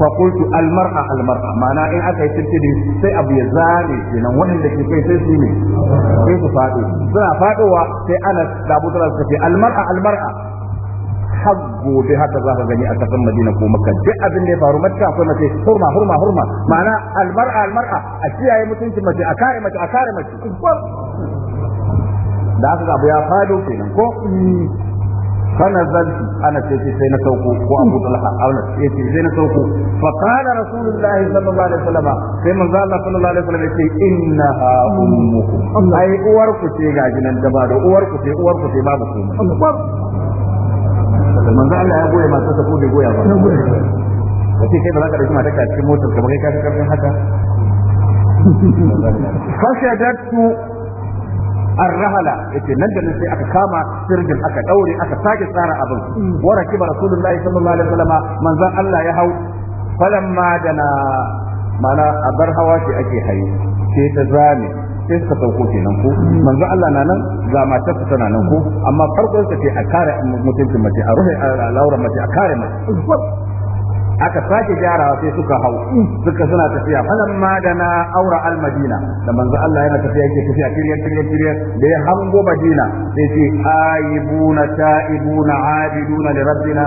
fa qultu al mar'a al mar'a ma'ana in aka yi tintini sai abu ya zane kenan wanda ke kai sai su ne sai su fado suna fadowa sai Anas da Abu Talib al mar'a al mar'a har gobe haka za ka gani a kasan Madina ko Makka duk abin da ya faru Makka hurma hurma hurma al al a kiyaye mutuncin mace a kare mace a kare mace aka abu ya fado kenan ko فنزلت انا سيتي سينا سوكو وابو طلحه انا سيتي سينا سوكو فقال رسول الله صلى الله عليه وسلم في من قال صلى الله عليه وسلم يقول انها امكم اي uwarku ce ga jinan da ba da uwarku ce uwarku ce babu kuma manzo Allah ya goya masu ko goya ba kace kai ba za ka dauki matarka cikin motar ka ba kai ka karfin haka An rahala da يتنجل sai aka kama sirgin aka daure aka sake tsara abin wa rakiba rasulullahi sallallahu alaihi wasallam manzon Allah ya hau falamma dana mana a bar hawa ce ake haye Ke ta zame sai suka sauko kenan ko manzo Allah na nan ga matarsa tana nan ko amma farkon sa ce a kare mutuncin mace a rufe a laura mace a kare mace aka sake gyarawa sai suka hau suka suna tafiya da na aura al madina da manzo Allah yana tafiya yake tafiya kiriyar kiriyar kiriyar da ya hango madina sai ce aibuna taibuna abiduna li rabbina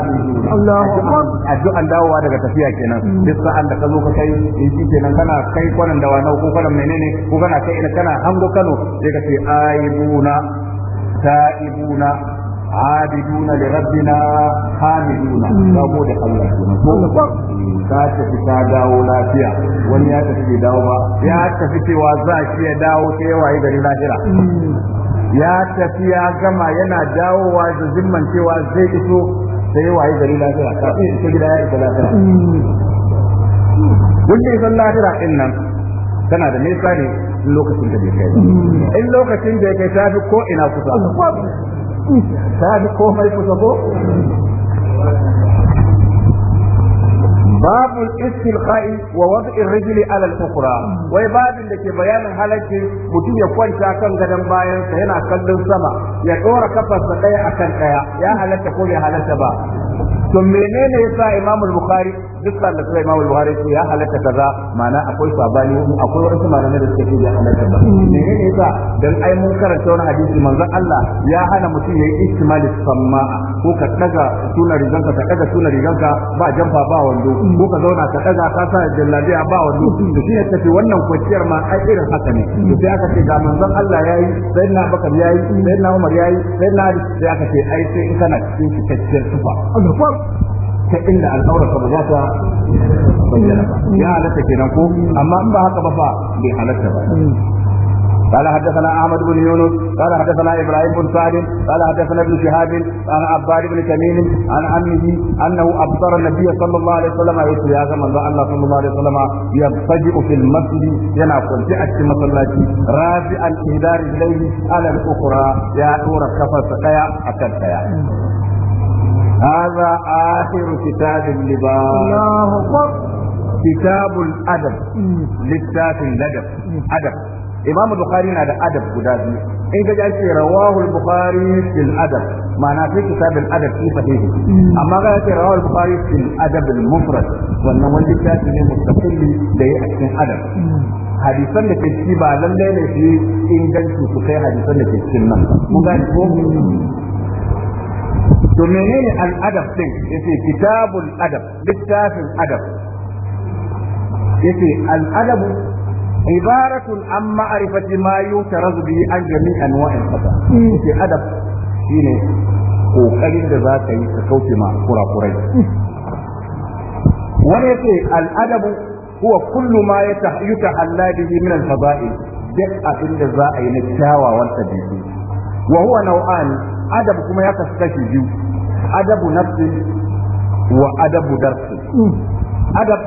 abiduna Allahu akbar addu'an dawowa daga tafiya kenan duk sa'an da ka zo ka kai in shi kenan kana kai kwanan da wani ko kwanan menene ko kana kai ina kana hango Kano sai ka ce aibuna taibuna عابدون لربنا حامدون ربو ده الله ka tafi ta dawo lafiya wani ya tafi bai dawo ba ya tafi cewa za shi ya dawo sai ya waye gari lahira ya tafi ya gama yana dawo wa zimman cewa zai iso sai ya waye gari lahira kafin ita gida ya isa lahira wanda isan lahira din nan tana da nesa ne lokacin da bai kai in lokacin da ya kai tafi ko ina kusa ta ji komai kusa ko باب الاستلقاء ووضع الرجل على الاخرى wai babin da ke bayanin halaccin mutum ya kwanta kan gadon bayan yana kallon sama ya ɗora kafarsa ɗaya akan ɗaya ya halarta ko ya halarta ba to menene yasa Imamul Bukhari duk sa'an da sai Imam Buhari ce ya halatta kaza ma'ana akwai sabani akwai wasu malamai da suke ya halatta ba ne ne yasa dan ai mun karanta wani hadisi manzon Allah ya hana mutum yayi istimali samma ko ka daga sunan riganka ka daga sunan riganka ba jamfa ba wando ko ka zauna ka daga ka sa jallabiya ba wando to shi ne tafi wannan kwanciyar ma ai irin haka ne to sai aka ce ga manzon Allah yayi sayyidina Abubakar yayi na Umar yayi sai na sai aka ce ai sai in kana cikin cikakkiyar tufa ta inda al'aurarka ba za ta bayyana ba ya halatta kenan ko amma in ba haka ba fa bai halatta ba قال حدثنا احمد بن يونس قال حدثنا ابراهيم بن سعد قال حدثنا ابن شهاب عن عباد بن تميم عن عمه انه ابصر النبي صلى الله عليه وسلم يقول يا زمن الله صلى الله عليه وسلم يضطجئ في المسجد ينا في في مصلاتي رافعا اهدار اليه على الاخرى يا دور كفر سقيا اكل هذا آخر كتاب اللباس الله أكبر كتاب الأدب للساف الأدب أدب إمام البخاري هذا أدب قدامي إن جاءت رواه البخاري في الأدب ما في كتاب الأدب في صحيحه أما قالت رواه البخاري في الأدب المفرد وأنه الكتاب المستقل من أدب hadisan da ke ciki ba lallai ne shi inganci su kai hadisan da ke cikin nan mun gani ko to menene al'adab din yace kitabul adab littafin adab yace al'adabu ibaratun an ma'rifati ma yutarazu bi an jami anwa'il khata yace adab shine kokarin da zaka yi ka kauce ma kurakurai wani yace al'adabu huwa kullu ma yuta'alla bihi min al-fada'il duk abin da za a yi na kyawawan tabi'u wa huwa naw'an adab kuma ya kasu kashi biyu adabu nafsi wa adabu darsi adab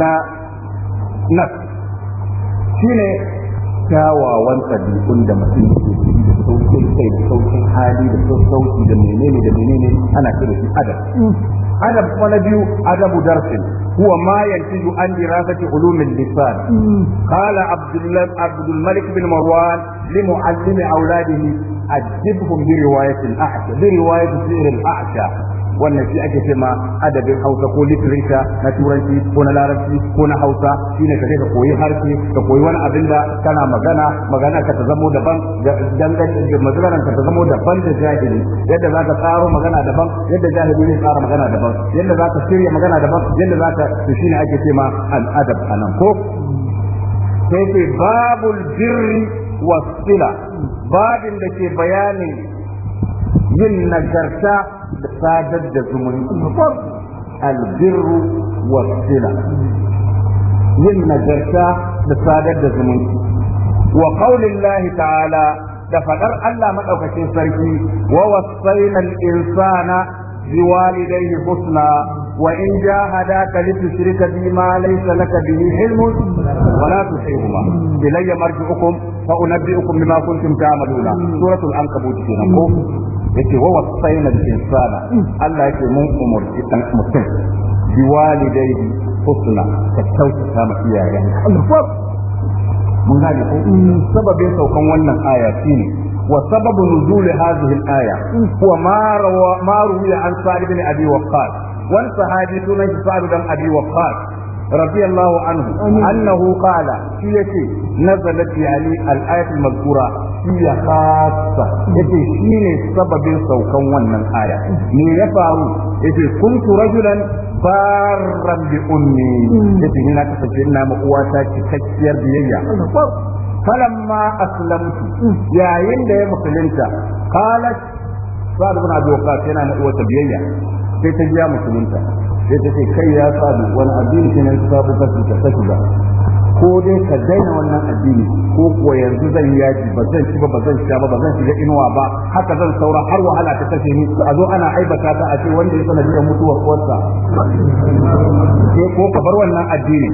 na nafsi shine kyawawan ɗabi'un da mutum yake da saukin kai da saukin hali da sauki da menene da menene ana kira shi adab adab kuma na biyu adabu darsin هو ما ينتج عن دراسة علوم اللسان قال عبد, عبد الملك بن مروان لمعلم أولاده ajibhum bi riwayatil ahsha bi riwayatil sihr al ahsha wannan shi ake cewa adabin Hausa ko literature na turanci ko na larabci ko na Hausa shine kaje ka koyi harshe ka koyi wani abin da kana magana magana ka ta zamo daban dangane magana ka ta zamo daban da jahili yadda za ka tsaro magana daban yadda jahili zai tsara magana daban yadda za ka shirya magana daban yadda za ka to shine ake cewa al adab anan ko sai babul birri wasila babin da ke bayanin yin nagarta da sadar da zumunci albirru wa sila yin nagarta da sadar da zumunci wa qaulillahi ta'ala da fadar Allah madaukakin sarki wa wasaina al-insana biwalidayhi husna وإن جاهداك لتشرك بما ليس لك به علم ولا تطيعهما إلي مرجعكم فأنبئكم بما كنتم تعملون سورة العنكبوت في yake wa wasaina da insana Allah yake mun umurci dan mutum bi walidayhi husna ka kyautata sama iyayen mun gane ko sababin saukan wannan aya shine wa sababu nuzul hadhihi al-aya huwa ma rawa ma ruwiya an sa'id bin abi waqqas wani sahabi sunan shi sa'ad dan abi waqqas radiyallahu anhu annahu qala shi yace nazalat ali al-ayat al-mazkura hiya khassa yace shine sababin saukan wannan aya me ya faru yace kuntu rajulan barran bi ummi yace ni na kasance ina ma uwata cikakkiyar biyayya falamma aslamtu yayin da ya musulunta qalat sa'ad ibn abi waqqas yana ma uwata biyayya sai ta biya musulunta sai ta ce kai ya sadu wani addini ke nan sabu ka ta shiga ko dai ka daina wannan addini ko kuwa yanzu zan yaki ba zan ci ba ba zan sha ba ba zan shiga inuwa ba haka zan saura har wahala ta kashe ni a zo ana aibata ta a ce wanda ya sanadiyar mutuwar kuwarsa sai ko ka bar wannan addini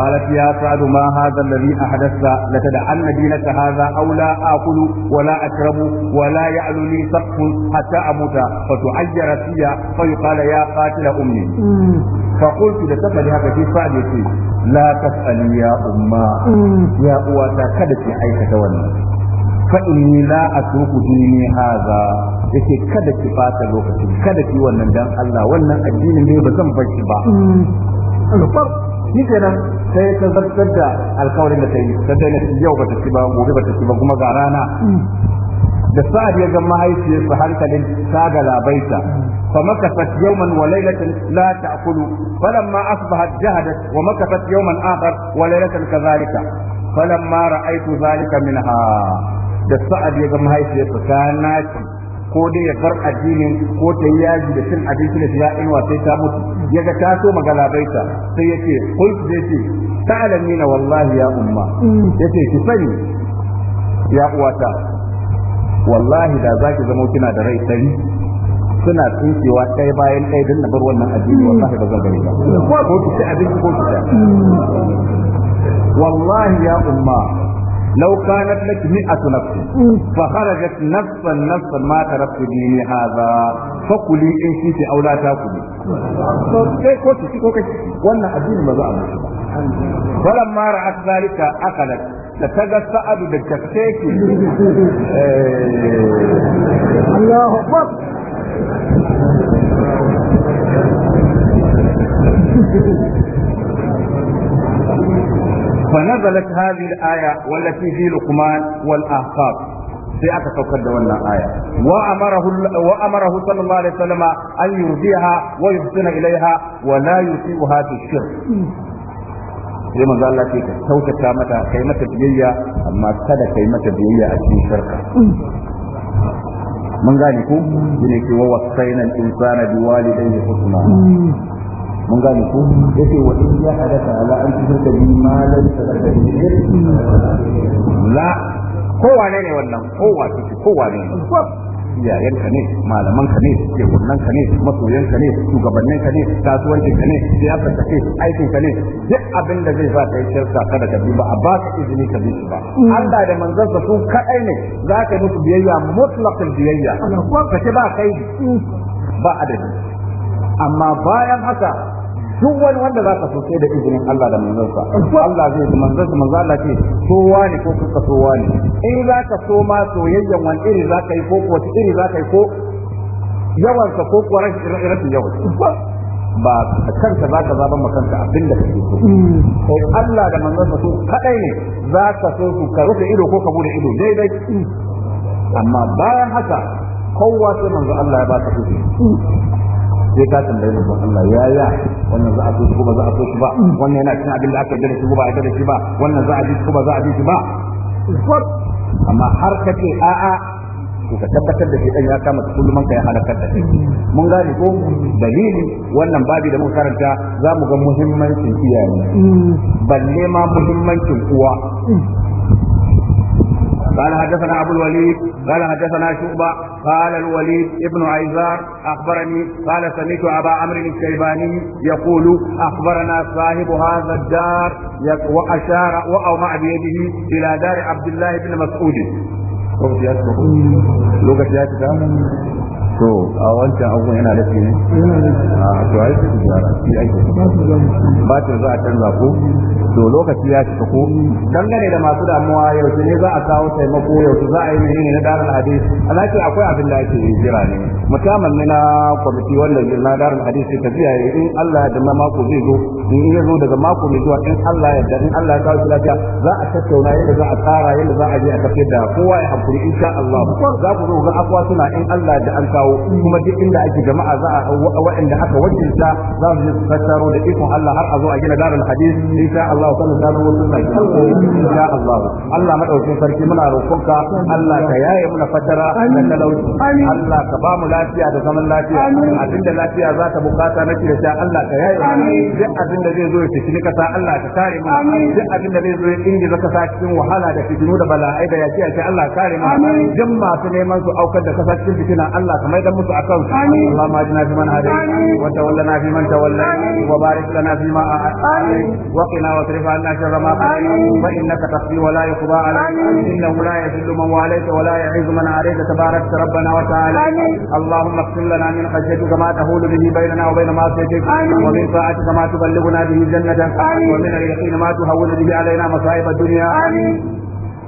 قالت يا سعد ما هذا الذي أحدثت لتدعن دينك هذا أو لا آكل ولا أشرب ولا يعلو لي سقف حتى أموت فتعير فيا فيقال يا قاتل أمي فقلت لتفعل هذا في سعد لا تسألي يا أما يا أواتا كدت أيك تولي فإني لا أترك ديني هذا yake kada ki fata lokaci kada ki wannan dan Allah wannan addinin ne ba zan bar shi ba ni kenan sai ta zartar da alkawarin da ta yi ta daina yau ba ta ci ba gobe ba ta ci ba kuma ga rana da sa'ad ya ga mahaifiyarsa hankalin ta galabaita فمكثت يوما وليلة لا تأكل فلما أصبحت جهدت ومكثت يوما آخر وليلة كذلك فلما رأيت ذلك منها da sa'ad ya ga mahaifiyarsa ta naci ko dai ya bar addinin ko ta yi yaji da cin abinci da shiga inuwa sai ta mutu yaga ta so magalabaita sai ya ce kul zai ce ta'lamina wallahi ya umma Ya ce ki sani ya uwata wallahi da zaki zama kina da rai Sani suna tsinkewa ɗaya bayan ɗaya don na bar wannan addini wallahi ba zan bari ba ko ki ci abinci ko ki mm. wallahi ya umma لو كانت لك مئة نفس فخرجت نفسا نفسا ما تركت ديني هذا فكلي إن شئت أو لا تأكلي wannan addini ba za a mutu ba falamma ra'at zalika akalat da ta ga sa'adu da Thank you. فنزلت هذه الآية والتي في لقمان والأحقاف sai aka saukar da wannan aya wa amarahu wa amarahu sallallahu alaihi wasallama an yurdiha wa yuhsina ilaiha wa la yusibuha shirk sai manzo Allah ce ka kyautata mata kai mata biyayya amma kada kai mata biyayya a cikin shirka mun gane ko ne ke wa wasaina al-insana biwalidayhi husna mun gane ko yake wa in ya hadaka ala an da bi malan la tusirka bi la wane ne wannan kowa ce kowane ne iyayenka ne malamanka ne ka ne masoyanka ne shugabanninka ne ka ne siyasarka aikin aikinka ne duk abin da zai sa kai shirka kada ka bi ba a ba izini ka bi ba Allah da manzansa su kadai ne za ka yi biyayya mutlaqin biyayya ko ka ce ba kai ba adadi amma bayan haka duk wani wanda za ka so sai da izinin Allah da manzansa Allah zai yi manzonsa manzo Allah ce so wani ko kuka so wani? in za ka so ma soyayyen wani iri za ka yi ko ko iri za ka yi ko yawansa ko ko rashin yawan ba kanka za ka zaɓa kanka abin da kake so ko Allah da manzonsa so kadai ne za ka so su ka rufe ido ko ka bude ido daidai amma bayan haka kowa sai manzo Allah ya ba ka sai ka tambayi manzon Allah ya ya wannan za a so ko ba za a so shi ba wannan yana cikin abin da aka yarda da shi ko ba a yarda shi ba wannan za a ji ko ba za a ji shi ba amma har ka kace a'a to ka tabbatar da shi shedan ya kama kullum ka ya halakar da kai mun gane ko dalili wannan babi da muka karanta za mu ga muhimmancin iyaye balle ma muhimmancin uwa قال حدثنا أبو الوليد قال حدثنا شعبة قال الوليد ابن عيزار أخبرني قال سمعت أبا عمرو الشيباني يقول أخبرنا صاحب هذا الدار وأشار وأومع بيده إلى دار عبد الله بن مسعود لوكاس يا to a wancan abubuwan yana da ne a to su gyara shi ake ba ta za a canza ko to lokaci ya cika ko dangane da masu damuwa yaushe ne za a kawo taimako yaushe za a yi menene na darar hadis alaki akwai abin da ake jira ne na kwamiti wanda na darar hadis sai tafiya in Allah da mako zai zo in ya zo daga mako mai zuwa in Allah ya yarda in Allah ya kawo shi lafiya za a tattauna yadda za a tsara yadda za a je a tafiyar da kowa ya hakuri insha Allah za ku zo ga akwa suna in Allah da an kawo kuma duk inda ake jama'a za a waɗanda aka wajinta za su je su tattaro da ikon Allah har a zo a gina darul hadis insha Allah ta sallallahu alaihi wasallam insha Allah Allah madaukakin sarki muna roƙonka Allah ka yaye muna fatara da talauci Allah ka ba mu lafiya da zaman lafiya abinda lafiya za ta bukata na da Allah ka yaye mu duk abin da zai zo ya fitini kasa Allah ka kare mu duk abin da zai zo ya ingiza kasa cikin wahala da fitinu da bala'ai da yaki yaki Allah kare mu duk masu neman su aukar da kasa cikin fitina Allah ka maida musu akan su Allah ma jina fi man hadai wa tawallana fi man tawalla wa barik lana fi ma a'tai wa qina wa anna sharra ma fa innaka taqdi wa la yuqda la yadhillu man wa la yu'izzu man tabarak rabbana wa ta'ala اللهم لنا من خشيتك ما به بيننا وبين معصيتك ومن طاعتك ما تبلغ وارزقنا به جنة ومن اليقين ما تهون به علينا مصائب الدنيا آمين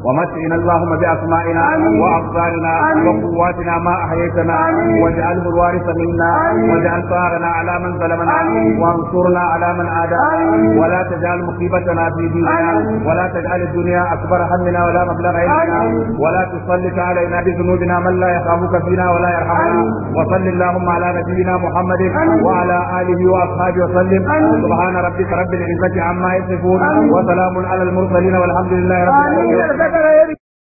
ومتعنا اللهم بأسمائنا وأبصارنا وقواتنا ما أحييتنا واجعله الوارث منا واجعل ثارنا على من ظلمنا وانصرنا على من عادانا ولا تجعل مصيبتنا في ديننا ولا تجعل الدنيا أكبر همنا ولا مبلغ علمنا ولا تسلط علينا بذنوبنا من لا يخافك فينا ولا يرحمنا وصل اللهم على نبينا محمد وعلى آله وأصحابه وسلم سبحان ربك رب العزة عما يصفون وسلام على المرسلين والحمد لله رب العالمين کرے